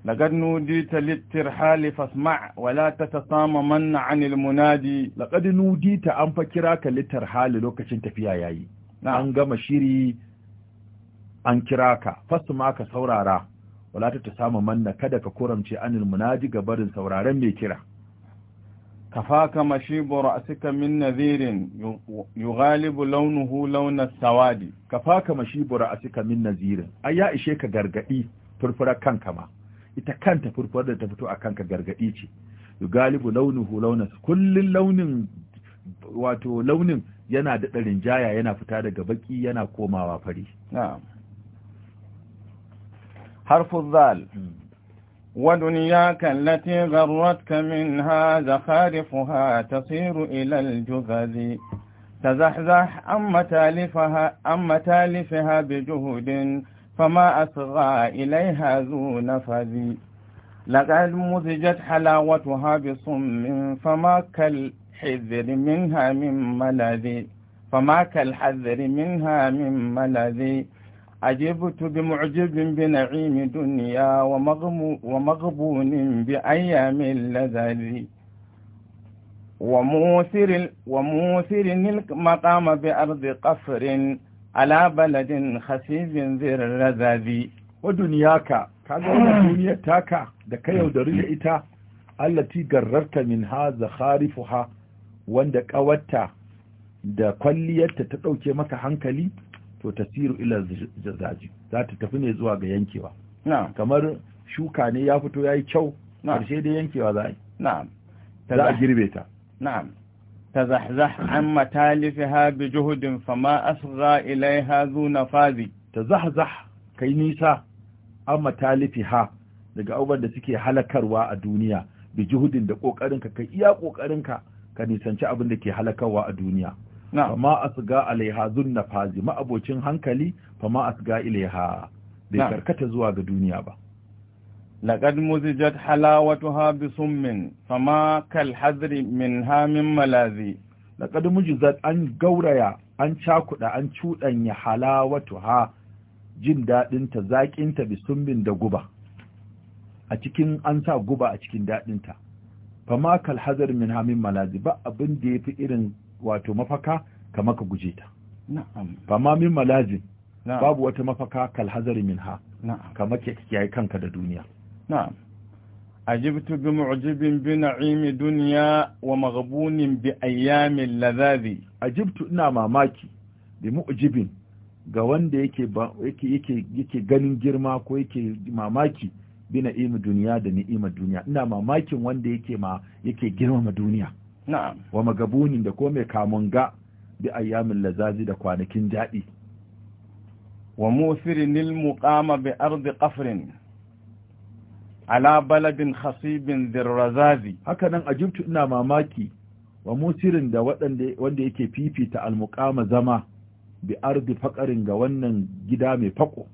لقد نوديت للترحال فاسمع ولا تتصاممن عن المنادي لقد نوديت an fa kira ka littarhali lokacin tafiya yayi an gama shiri an kira ka fasu ma ka saurara wala ta samu manna kada ka kuramce anil munaji ga barin sauraren mai kira Ka kafaka mashibu ra'sika min nadhirin yughalibu launuhu launa sawadi kafaka mashibu ra'sika min nadhirin ai ya ishe ka gargadi furfurar kanka ma ita kanta furfurar da ta fito a kanka gargadi ce yughalibu launuhu launa Kullum launin wato launin yana da ɗarin jaya yana fita daga baki yana komawa fari na'am حرف الذال ودنياك التي غرتك منها زخارفها تصير إلى الجذذ تزحزح أم تالفها, أم تالفها بجهد فما أصغى إليها ذو نفذ لقد مزجت حلاوتها بصم فما كالحذر منها من ملذ فما كالحذر منها من ملذ عجبت بمعجب بنعيم دنيا ومغبون بأيام اللذل وموثر, وموثر المقام بأرض قفر على بلد خفيف ذي الرذذ ودنياك kaga wannan duniyar taka da ka yaudari da ita allati garrarta min haza wanda kawarta da kwalliyarta ta dauke maka hankali to tasiru ila zaji za ta tafi ne zuwa ga yankewa kamar shuka ne ya fito ya yi kyau ƙarshe da yankewa za a yi za a girbe ta ta an matalifi ha تزحزح عن متالفها بجهد فما أصغى إليها ta zahzah kai nisa an matalifi ha daga abubuwan da suke halakarwa a duniya bi juhudin da kokarin ka iya ka ka nisanci abin da ke halakarwa a duniya fama asga alaiha zunna fazi ma'abocin hankali fama asga ilaiha bai karkata zuwa ga duniya ba لقد مزجت حلاوتها بصم فما كالحذر منها من ملاذ لقد مزجت an قوريا an شاكد أن شود halawatu ha jin daɗinta zaƙinta bi min da guba a cikin an sa guba a cikin daɗinta fama kal hazar min hamin malazi ba abin da ya fi irin wato mafaka kama ka guje ta fama min malazin babu wata mafaka kalhazari min ha kama ke kiyaye kanka da duniya ajibtu bi mu'jibin bi na'imi dunya wa maghbunin bi ayyamin ladhazi ajibtu ina mamaki bi mu'jibin ga wanda yake yake yake ganin girma ko yake mamaki bi na'imi duniya da ni'imar duniya ina mamakin wanda yake ma yake girmama duniya wa magabunin da ko mai kamun ga bi ayyamin lazazi da kwanakin daɗi wa musirin lil muqama bi ardi qafrin ala baladin khasibin dirrazazi haka nan ajibtu ina mamaki wa musirin da wanda yake fifita almuqama zama bi ardi faqarin ga wannan gida mai fako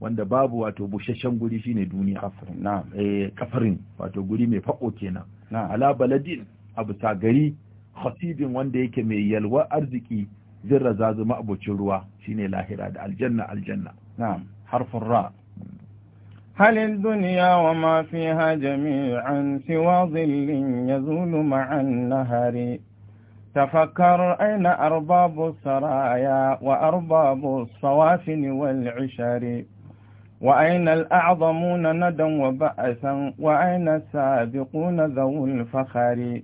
wanda babu wato bushashen guri shine duniya kafarin na'am eh kafarin wato guri mai fako kenan ala baladin a bisa gari khatibin wanda yake mai yalwa arziki zirra zazu ma'abocin ruwa shine lahira da aljanna aljanna na'am harfin ra هل الدنيا وما فيها جميعا سوى ظل يزول مع النهر تفكر أين أرباب السرايا وأرباب الصوافن والعشر وأين الأعظمون ندا وبأسا وأين السابقون ذو الفخر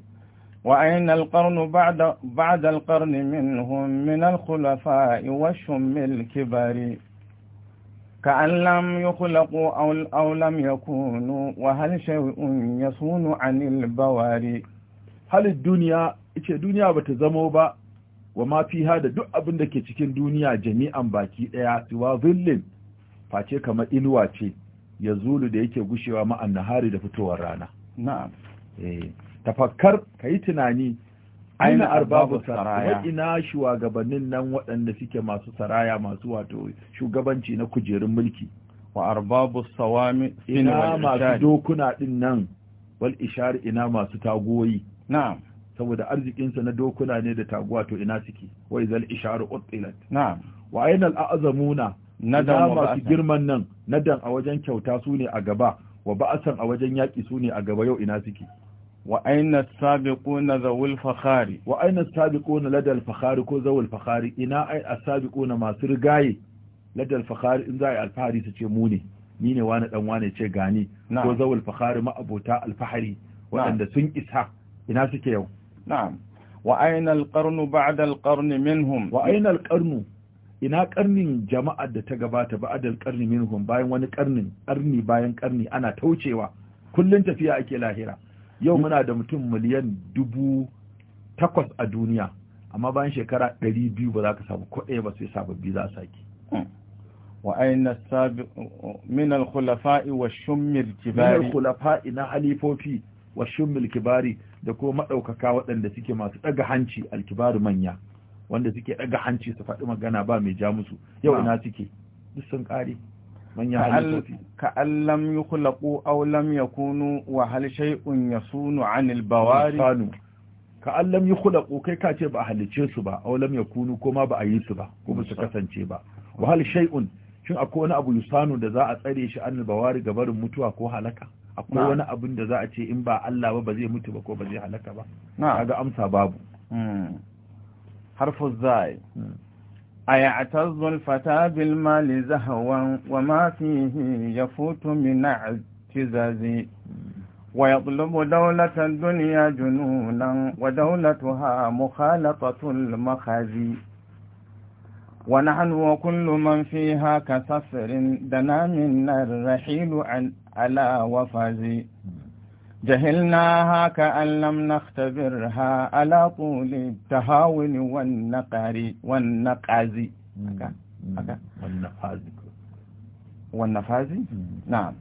وأين القرن بعد, بعد القرن منهم من الخلفاء والشم الكبار كأن لم يخلقوا أو, أو لم يكونوا وهل شيء يصون عن البواري هل الدنيا ita duniya bata zamo ba wa ma fiha da duk abin da ke cikin duniya jami'an baki daya siwa zillin face kamar inuwa ce ya zulu da yake gushewa ma'an nahari da fitowar rana na'am tafakkar ka yi tunani aina arbabu saraya ina shugabannin nan waɗanda suke masu saraya masu wato shugabanci na kujerun mulki wa arbabu sawami ina masu dokuna din nan wal ishar ina masu tagoyi na'am saboda arzikinsa na dokuna ne da taguwa to ina suke wai izal isharu utilat na'am wa aina al a'zamuna nadan masu girman nan nadan a wajen kyauta su ne a gaba wa ba'asan a wajen yaki su ne a gaba yau ina suke وأين السابقون ذو الفخار وأين السابقون لدى الفخار كو ذو الفخار إنا السابقون ما سرقاي لدى الفخار إن ذا الفهري تشموني نيني وانا الأنواني تشيقاني نعم. كو ذو الفخار ما أبوتا الفحري وأن نعم. سن إسحا إنا سكيو نعم وأين القرن بعد القرن منهم وأين القرن ina karnin jama'ar da ta gabata ba'adal karni minhum bayan wani karnin karni bayan karni ana taucewa kullun tafiya ake lahira yau muna da mutum miliyan dubu takwas a duniya amma bayan shekara ɗari biyu ba za ka samu ko ba sai sababbi za a sake وأين السابق من الخلفاء والشم الكبار na halifofi wa kibari da madaukaka waɗanda suke masu daga hanci al'kibaru manya wanda suke daga hanci su faɗi magana ba mai ja musu yau ina suke duk sun kare كأن لم يخلقوا أو لم يكونوا وهل شيء يصون عن البواري كأن لم يخلقوا كي كاتي ba تشيسبا أو لم يكونوا كما su كما سكسن تشيبا وهل شيء shin akwai wani abu yusanu da za a tsare shi an bawari gabarin mutuwa ko halaka akwai wani abin da za a ce in ba Allah ba ba zai mutu ba ko ba zai halaka ba ga amsa babu hmm. harfu zai hmm. أيعتز الفتى بالمال زهوا وما فيه يفوت من اعتزاز ويطلب دولة الدنيا جنونا ودولتها مخالطة المخازي ونحن وكل من فيها كسفر دنا منا الرحيل على وفازي جهلناها كأن لم نختبرها على طول التهاون والنقر والنقاز والنقاز والنفاز نعم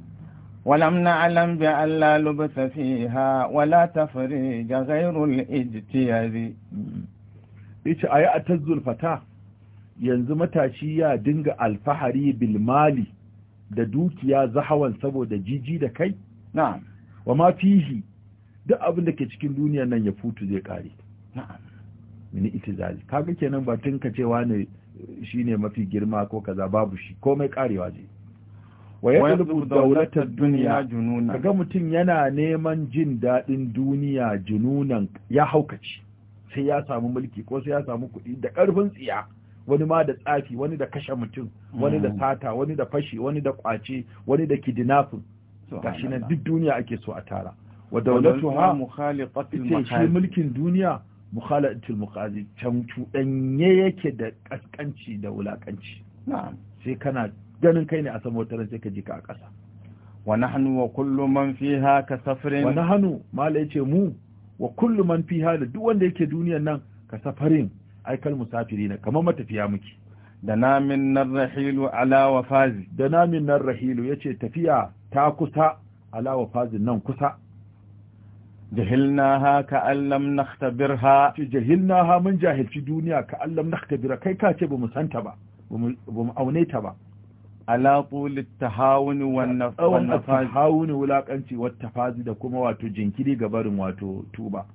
ولم نعلم بأن لا لبث فيها ولا تفريج غير الاجتياز ita a yi a tazzulfata yanzu matashi ya dinga alfahari bilmali da dukiya zahawan saboda jiji da kai na'am wa ma fihi duk abin da ke cikin duniyar nan ya futu zai kare na'am ita itizali kaga kenan ba tun ka wa ne shine mafi girma ko kaza babu shi komai karewa je wa yaqlubu dawlatar dunya jununa kaga mutun yana neman jin dadin duniya jununan ya haukaci sai ya samu mulki ko sai ya samu kuɗi da ƙarfin tsiya wani ma da tsafi wani da kashe mutum wani da mm. sata wani da fashi wani da kwace wani da kidnapping gashi na duk duniya ake so a tara wa dawlatuha mukhaliqatul makali shi mulkin duniya mukhalatul muqazi can cuɗanye yake da kaskanci da wulakanci na'am sai kana ganin kai ne a sama wata sai ka ji ka a ƙasa wa nahnu wa kullu man fiha ka safarin wa nahnu mala yace mu wa kullu man fiha da duk wanda yake duniyan nan ka safarin ai kal musafiri ne kamar matafiya muke da namin nan rahilu ala wafazi da namin nan rahilu yace tafiya ta kusa alawa fazin nan kusa jahilnaha ka allam nakhtabirha jahilnaha mun jahilci duniya ka allam nakhtabira kai ka ce bamu santa ba bamu aune ta ba ala tulit tahawun wan nafaz tahawun wulakanci wat tafazi da kuma wato jinkiri ga barin wato tuba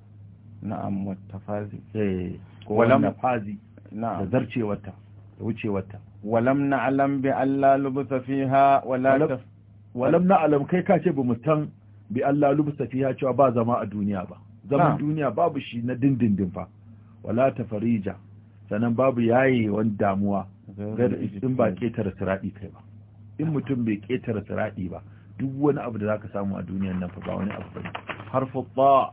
na'am wat tafazi eh walam nafazi na'am zarcewarta da wucewarta walam na'lam bi alla lubsa fiha wala walam na alam kai ka ce bamu san bi Allah lubsa fiha cewa ba zama a duniya ba zaman duniya babu shi na dindindin fa wala tafarija sannan babu yayi wani damuwa in ba ketare siradi kai ba in mutum bai ketare siradi ba duk wani abu da zaka samu a duniyan nan fa ba wani abu bane harfu ta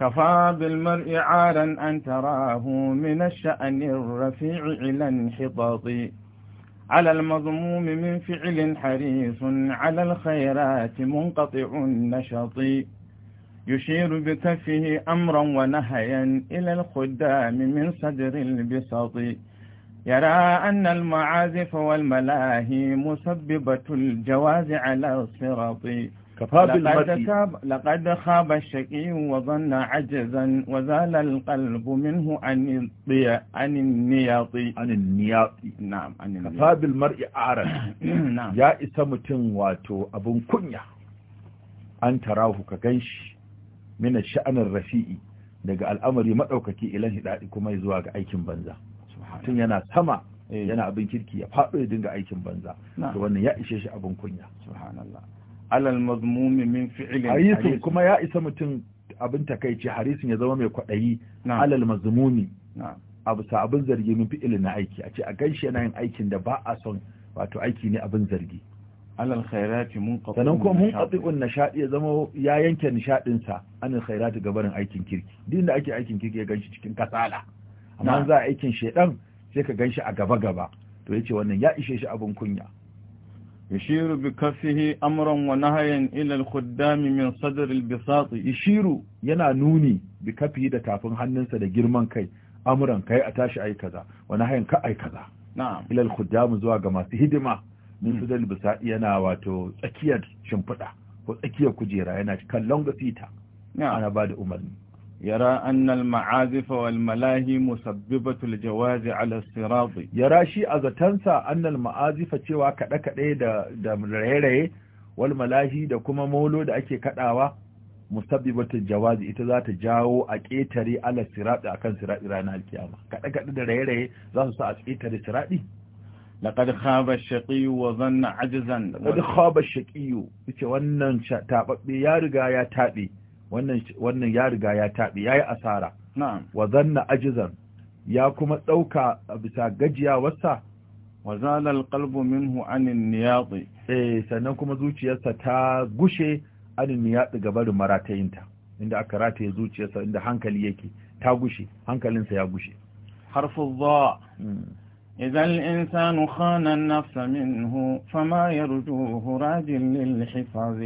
كفى بالمرء عارا أن تراه من الشأن الرفيع إلى انحطاط على المضموم من فعل حريص على الخيرات منقطع النشط يشير بكفه أمرا ونهيا إلى الخدام من صدر البسط يرى أن المعازف والملاهي مسببة الجواز على الصراط كفى بالمثل لقد خاب الشقي وظن عجزا وزال القلب منه عن عن النياط عن النياط نعم عن النياط نعم يا ابن كنيا ka gan shi mina rafi'i daga al'amari maɗaukaki ilan hidaɗi kuma zuwa ga aikin banza tun yana sama yana abin kirki ya faɗo ya dinga aikin banza to wannan ya ishe shi abin kunya subhanallah alal mazmumi min fi'lin harisun kuma ya isa mutum abin takaici harisun ya zama mai kwaɗayi alal mazmumi abu sa abin zargi min fi'lin na aiki a ce a ganshi yana yin aikin da ba a son wato aiki ne abin zargi alal khairati munqati sanan kuma munqati'un nashadi ya zama ya yanke nishadin sa anil khairati gabarin aikin kirki din da ake aikin kirki ya ganshi cikin kasala amma za a aikin shedan sai ka ganshi a gaba gaba to yace wannan ya ishe shi abin kunya يشير بكفه أمرا ونهيا إلى الخدام من صدر البساط يشير yana nuni bi kafi da tafin hannunsa da girman kai amuran kai a tashi ai kaza wani hayan ka ai kaza na'am ilal khuddam zuwa ga masu hidima min sudal bisadi yana wato tsakiyar shimfiɗa ko tsakiyar kujera yana kallon gasita fita ba da umarni yara annal ma'azifa wal malahi musabbibatu lil yara shi a zatansa annal ma'azifa cewa kada kade da da rere wal da kuma maulo da ake kadawa musabbibatu lil ita zata jawo a ketare akan sirat ranar alkiyama kada kade da rere za su sa a ketare sirati laqad khaba ash-shaqi wa dhanna ajzan laqad khaba ash-shaqi wannan tababbe ya riga ya tabe wannan ya riga ya taɓi ya yi asara wa zanna ajizan ya kuma ɗauka bisa gajiya wasa. wa zala alqalbu minhu anin niyadi eh sannan kuma zuciyarsa ta gushe anin niyadi gabarin maratayinta inda aka rataye zuciyarsa inda hankali yake ta gushe hankalinsa ya gushe harfu dha إذا الإنسان خان النفس منه فما يرجوه راج للحفاظ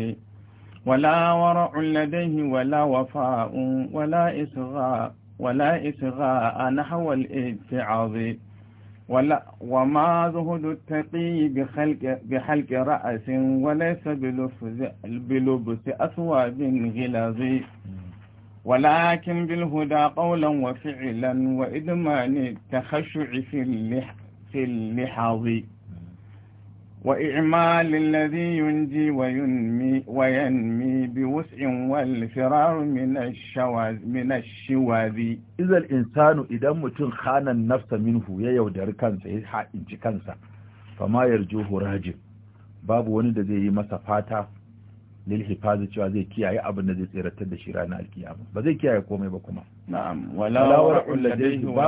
ولا ورع لديه ولا وفاء ولا إصغاء ولا إصغاء نحو الإتعاظ ولا وما ذهد التقي بخلق, بحلق رأس وليس بلبس أثواب غلاظ ولكن بالهدى قولا وفعلا وإدمان التخشع في اللحظ وإعمال الذي ينجي وينمي, وينمي بوسع والفرار من الشواذ من الشواذ إذا الإنسان إذا متن خان النفس منه يودر كنسا يحاج كنسا فما يرجوه راجع باب wani da zai yi masa fata lil hifazi cewa zai kiyaye abin da zai tsiratar da shi ranar alkiyama ba zai kiyaye komai ba kuma na'am wala babu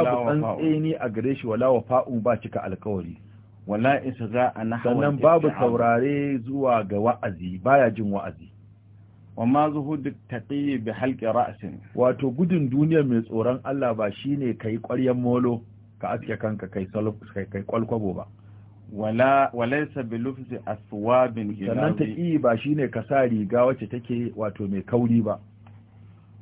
tsantseni a gare shi wala wafa'un ba cika alkawari wala za a na sannan babu saurare zuwa ga wa'azi baya jin wa'azi wa ma zuhudu taqiyi bi halqi ra'sin wato gudun duniya mai tsoron Allah ba shine kai ƙwaryen molo ka aske kanka kai salaf kai kai kwalkwabo ba wala walaysa bi lufzi aswabin sannan taqiyi ba shine ka sa riga wacce take wato mai kauri ba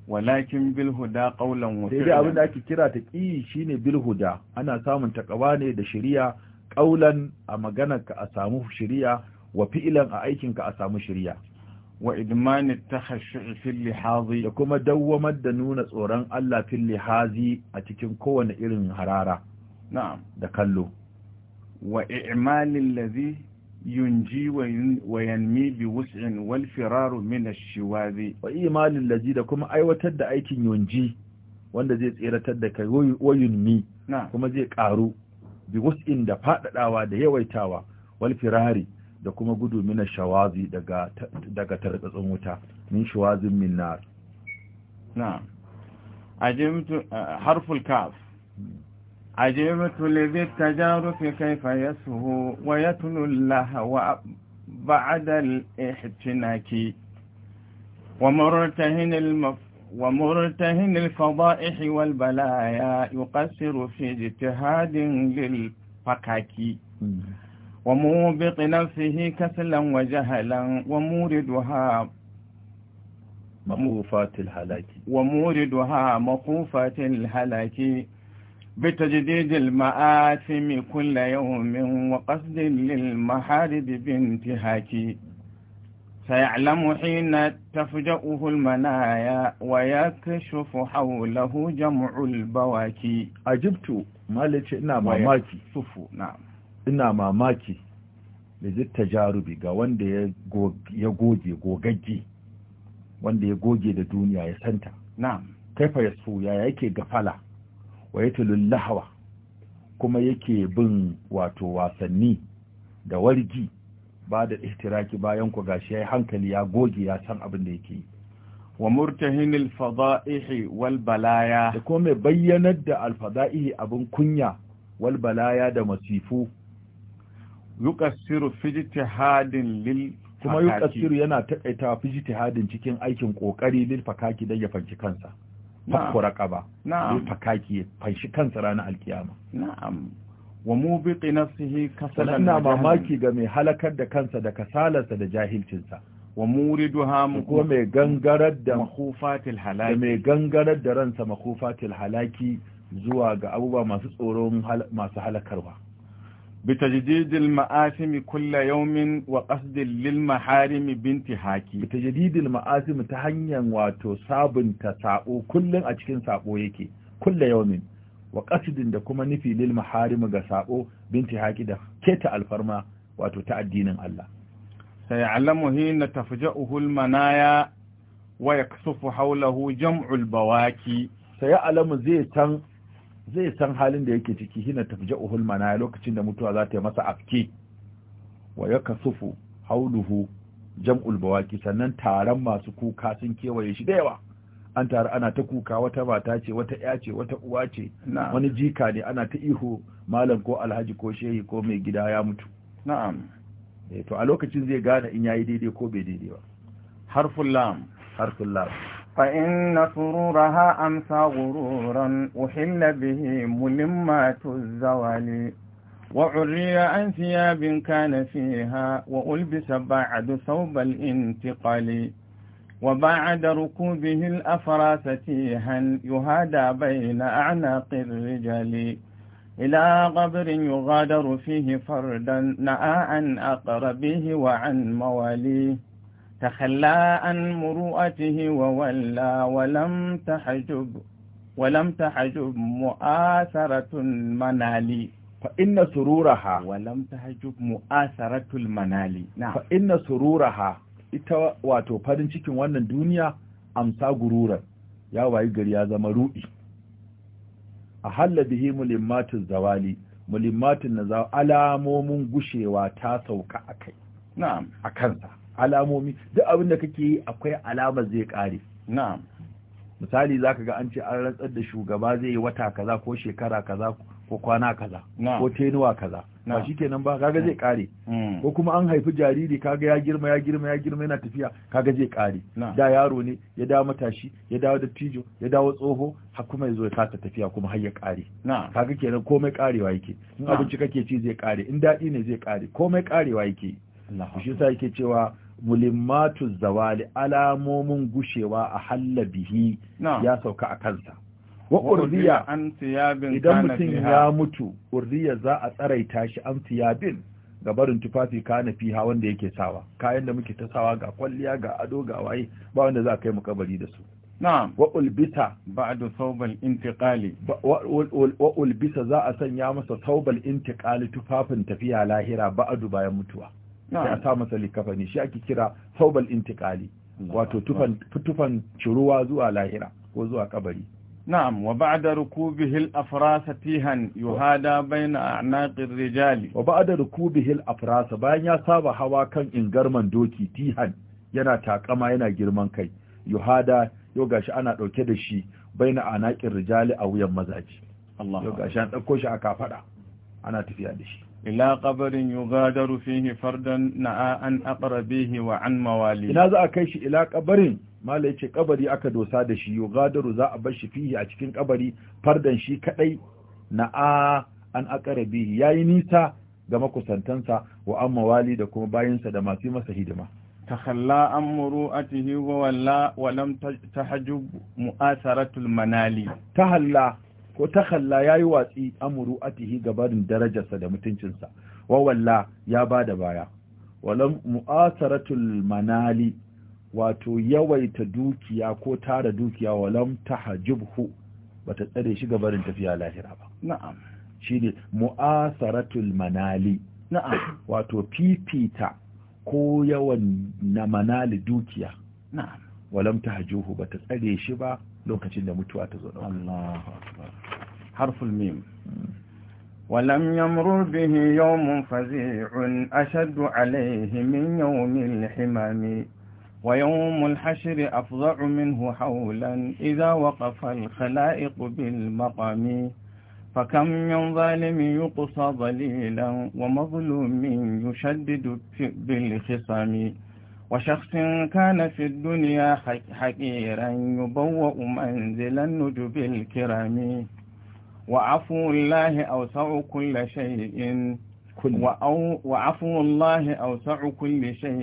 walakin bil huda qawlan wa Sai dai abin da ake kira taqiyi shine bil huda ana samun takawa ne da shari'a ƙaulan a maganarka a samu shiriya wa fi'ilan a aikinka a samu shiriya wa idmanin tahashshu'i fil lihazi da kuma dawwamar da nuna tsoron Allah fil lihazi a cikin kowane irin harara na'am da kallo wa i'malil ladhi yunji wa yanmi bi wus'in wal firaru min ash-shiwazi wa da kuma aiwatar da aikin yunji wanda zai tseratar da kai wa kuma zai karu bi wus'in da faɗaɗawa da yawaitawa wal firari da kuma gudu mina shawazi daga daga tarkatsin wuta min shawazin min nar na'am ajimtu eh, harful kaf عجبت لذي التجارف كيف يسهو ويتلو اللهو بعد الاحتناك ومرتهن المف ومرتهن الفضائح والبلايا يقصر في اجتهاد للفكاكي وموبق نفسه كسلا وجهلا وموردها مخوفات الهلاك وموردها مخوفات الهلاك بتجديد المآثم كل يوم وقصد للمحارب بانتهاك سيعلم حين تفجأه المنايا ويكشف حوله جمع البواكي أجبت ما لك إنا ما ماكي صفو نعم إنا ما ماكي لذي التجارب قوان دي يقوجي قوجي وان دي يقوجي دي دنيا نعم كيف يصفو يا يكي قفلا ويتل اللحوة كما يكي بن واتو واسني دوالجي ba da ihtiraki bayan ku gashi yayi hankali ya goge ya san abin da yake wa murtahinil fada'ihi wal balaya da ko mai bayyanar da al fada'ihi abin kunya wal balaya da masifu yuqassiru fi ijtihadin lil kuma yuqassiru yana takaita fi ijtihadin cikin aikin kokari lil fakaki da ya fanci kansa fakku raqaba lil fakaki fanshi kansa ranar alkiyama na'am wa mu bi qinasihi kasalan mamaki ga mai halakar da kansa da kasalarsa da jahilcinsa wa muridu ha mu gangarar da ransa makhufatil halaki zuwa ga abubuwa masu tsoron masu halakarwa bi tajdidil ma'asim kulla yawmin wa qasdil lil maharim binti haki bi tajdidil ma'asim ta hanyar wato sabunta saƙo kullun a cikin sabo yake kulla yawmin wa qasidin da kuma nufi lil maharim ga sabo binti haƙi da keta alfarma wato ta addinin Allah Alamu, hina tafja'uhu al manaya wa yaksufu hawlahu jam'u al bawaki alamu zai san zai san halin da yake ciki hina tafja'uhu al manaya lokacin da mutuwa za ta yi masa afke wa yaksufu hawluhu jam'ul bawaki sannan taron masu kuka sun kewaye shi da yawa an tare ana ta kuka wata mata ce wata ya ce wata uwa ce wani jika ne ana ta ihu malam ko alhaji ko shehi ko mai gida ya mutu na'am eh, to a lokacin zai gane in yayi daidai ko bai daidai ba harful lam harful lam فإن سرورها أمسى غرورا أحل به ملمات an وعري عن ثياب كان فيها وألبس بعد ثوب الانتقال وبعد ركوبه الأفراس تيها يهادى بين أعناق الرجال إلى قبر يغادر فيه فردا نأى عن أقربه وعن مواليه تخلى عن مروءته وولى ولم تحجب ولم تحجب مؤاثرة المنال فإن سرورها ولم تحجب مؤاثرة المنال نعم فإن سرورها ita wato farin cikin wannan duniya amsa gururar ya wayi gari ya zama ruɗi a hallabihi mulimmatin zawali mulimmatin na za alamomin gushewa ta sauka a kai a kansa alamomi duk abin da kake yi akwai alama zai ƙare. na'am misali zaka ga an ce an rantsar da shugaba zai yi wata kaza ko shekara kaza ko kwana kaza ko tenuwa kaza na shi kenan ba kaga zai mm. kare mm. ko kuma an haifi jariri kaga ya girma ya girma ya girma yana tafiya kaga zai kare da yaro ne ya dawo matashi ya dawo da dattijo ya dawo tsoho har kuma ya ya kasa tafiya kuma har ya kare kaga kenan komai karewa yake in abinci kake ci zai kare in daɗi ne zai kare komai karewa yake shi yasa yake cewa mulimmatu zawali alamomin gushewa a hallabihi ya sauka a kansa wa urdiya idan mutum ya mutu urdiya za a tsaraita shi an tiyabin ga barin tufafi kana fiha wanda yake sawa kayan da muke ta sawa ga kwalliya ga ado ga waye ba wanda za a kai mu kabari da su na'am wa ulbisa ba'da thawbal intiqali wa ulbisa za a sanya masa thawbal intiqali tufafin tafiya lahira ba'du bayan mutuwa sai a sa masa likafani shi ake kira thawbal intiqali wato tufan tufan ciruwa zuwa lahira ko zuwa kabari نعم وبعد ركوبه الأفراس تيها يهادى بين أعناق الرجال وبعد ركوبه الأفراس باين يصاب هوا كان إنجرمن دوكي تيها yana takama yana girman kai yuhada yau gashi ana ɗauke da shi bai na anakin rijali a wuyan mazaji yau gashi an ɗauko shi a kafaɗa ana tafiya da shi ila ƙabarin yugadaru fihi fardan na'a an aqrabihi wa an mawali ina za a kai shi ila ƙabarin mala yace kabari aka dosa da shi gadaru za a bar shi fihi a cikin kabari fardan shi kadai na a an akara bihi yayi nisa ga makusantansa wa amma wali da kuma bayansa da masu masa hidima takhalla an muru'atihi wa walla wa lam tahajub mu'asaratul manali ko takhalla yayi watsi an muru'atihi gabarin darajarsa da mutuncinsa wa walla ya bada baya walam mu'asaratul manali wato yawaita dukiya ko tara dukiya walam ba ta tsare shi ga tafiya lahira ba na'am ne mu'asaratul manali na'am wato fifita ko yawan na manali dukiya na'am walam ba ta tsare shi ba lokacin da mutuwa ta zo dauka Allahu harful mim ولم يمر به يوم فزيع أشد عليه من يوم الحمام ويوم الحشر أفضع منه حولا إذا وقف الخلائق بالمقام فكم من ظالم يقصى ظليلا ومظلوم يشدد بالخصام وشخص كان في الدنيا حقيرا يبوأ منزل النجب الكرام وعفو الله أوسع كل شيء كل وعفو الله أوسع كل شيء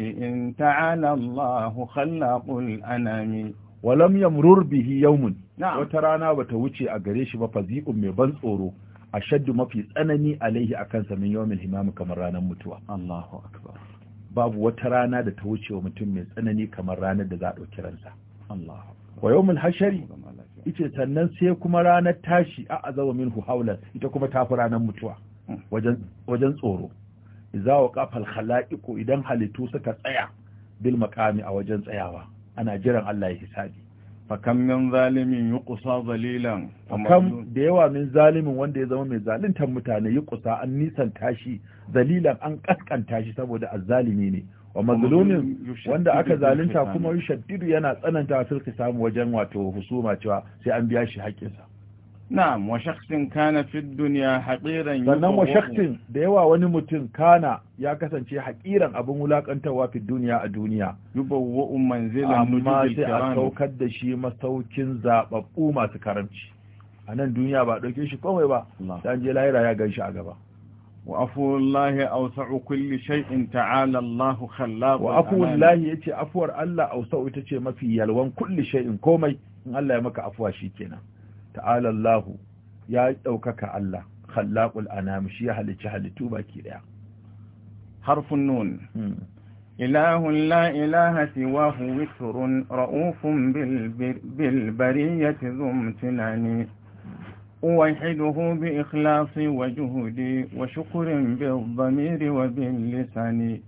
تعالى الله خلاق الأنام ولم يمرر به يوم نعم وترانا وتوشي أقريش وفزيء مبنز أورو أشد ما في أنني عليه أكنس من يوم الهمام كمرانا متوى الله أكبر باب وترانا da ta wuce wa mutum mai tsanani kamar ranar da za a ɗauki ransa. Allah. Wa yawmul hashari ita sannan sai kuma ranar tashi a azawa minhu haulan ita kuma tafi ranar mutuwa. wajen tsoro za wa kafal khala'iku idan halittu suka tsaya bil makami a wajen tsayawa ana jiran Allah ya hisabi min zalimin yuqsa zalilan da yawa min zalimin wanda ya zama mai zaluntar mutane yuqsa an nisan tashi zalilan an kaskanta shi saboda azzalimi ne wa mazlumin wanda aka zalunta kuma yushaddidu yana tsananta fil qisam wajen wato husuma cewa sai an biya shi haƙƙinsa na'am wa shakhsin kana fi duniya haqiran sannan wa shakhsin da yawa wani mutum kana ya kasance haqiran abin wulakantawa fi duniya a duniya yubawwa manzilan amma sai a saukar da shi masaukin zababbu masu karamci a nan duniya ba dauke shi komai ba dan je lahira ya ganshi a gaba wa afuwallahi awsa'u kulli shay'in ta'ala Allahu khallaqu wa afuwallahi yace afuwar Allah awsa'u ita ce mafi yalwan kulli shay'in komai in Allah ya maka afuwa shikenan تعالى الله يا ɗaukaka Allah خلاق الانام shi ya halicci halittu baki حرف النون إله لا إله سواه وتر رؤوف بالبرية ذو امتنان أوحده بإخلاص وجهدي وشكر بالضمير وباللسان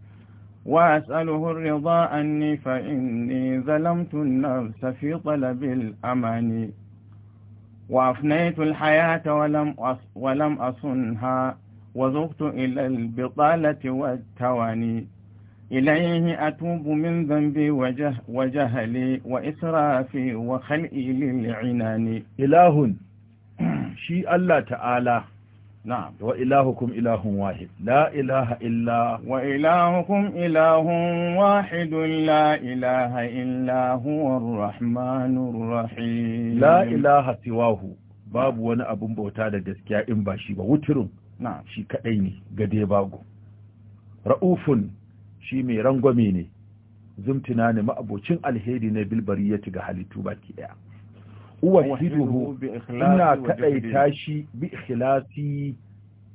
وأسأله الرضا عني فإني ظلمت النفس في طلب الأمان وأفنيت الحياة ولم, أص ولم أصنها وذقت إلى البطالة والتواني إليه أتوب من ذنبي وجه وجهلي وإسرافي وخلئي للعنان إله شيء الله تعالى نعم وإلهكم إله واحد لا إله إلا وإلهكم إله واحد لا إله إلا هو الرحمن الرحيم لا إله سواه باب وانا أبو أبن بوتادة جسكيا إمباشي ووترم نعم شي كأيني قدي باغو رؤوف شي مي رنغميني zumtina ne ma'abocin alheri ne bilbari ya ci ga halittu uwahhiduhu ina kadaita shi bi ikhlasi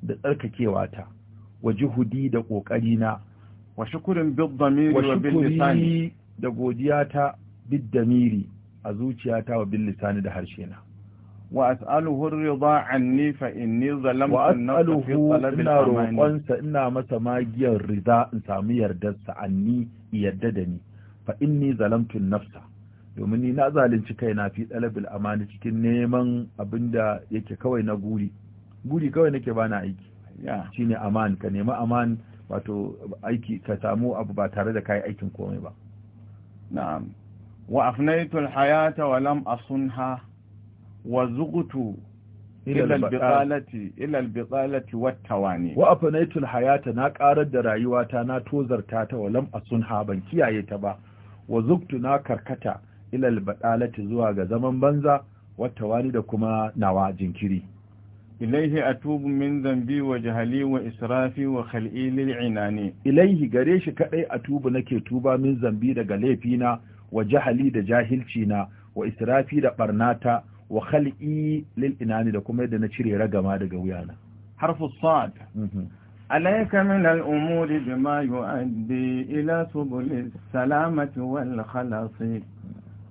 da tsarkakewa ta wa juhudi da kokari na wa shukrin da godiya ta bid damiri a zuciyata wa bil lisani da harshe na wa as'aluhu ar-ridha anni fa inni zalamtu an fi talab al-amani ina masa magiyar ridha in samu yardarsa anni yadda da ni fa inni zalamtu an-nafsa domin ni na zalunci kaina fi dalabil amana cikin neman abin da yake kawai na guri guri kawai nake na aiki shine aman ka nemi aman wato aiki ka samu abu ba tare da kai aikin komai ba na'am wa afnaytu alhayata wa lam asunha wa zughtu ila albiqalati ila albiqalati wattawani wa afnaytu alhayata na karar da rayuwata na tozarta ta wa lam asunha ban kiyaye ta ba wa zughtu na karkata ilal baɗalati zuwa ga zaman banza wata wani da kuma nawa jinkiri ilaihi atubu min zambi wa jahali wa israfi wa khal'i lil inani ilaihi gare shi kadai atubu nake tuba min zambi daga laifina wa jahali da jahilci na wa israfi da barnata wa khal'i lil inani da kuma yadda na cire ragama daga wuyana harfu sad عليك من الأمور بما يؤدي إلى سبل السلامة والخلاص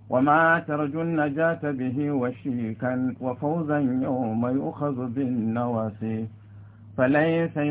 وما ترجو النجاة به وشيكا وفوزا يوم يؤخذ بالنواسي فليس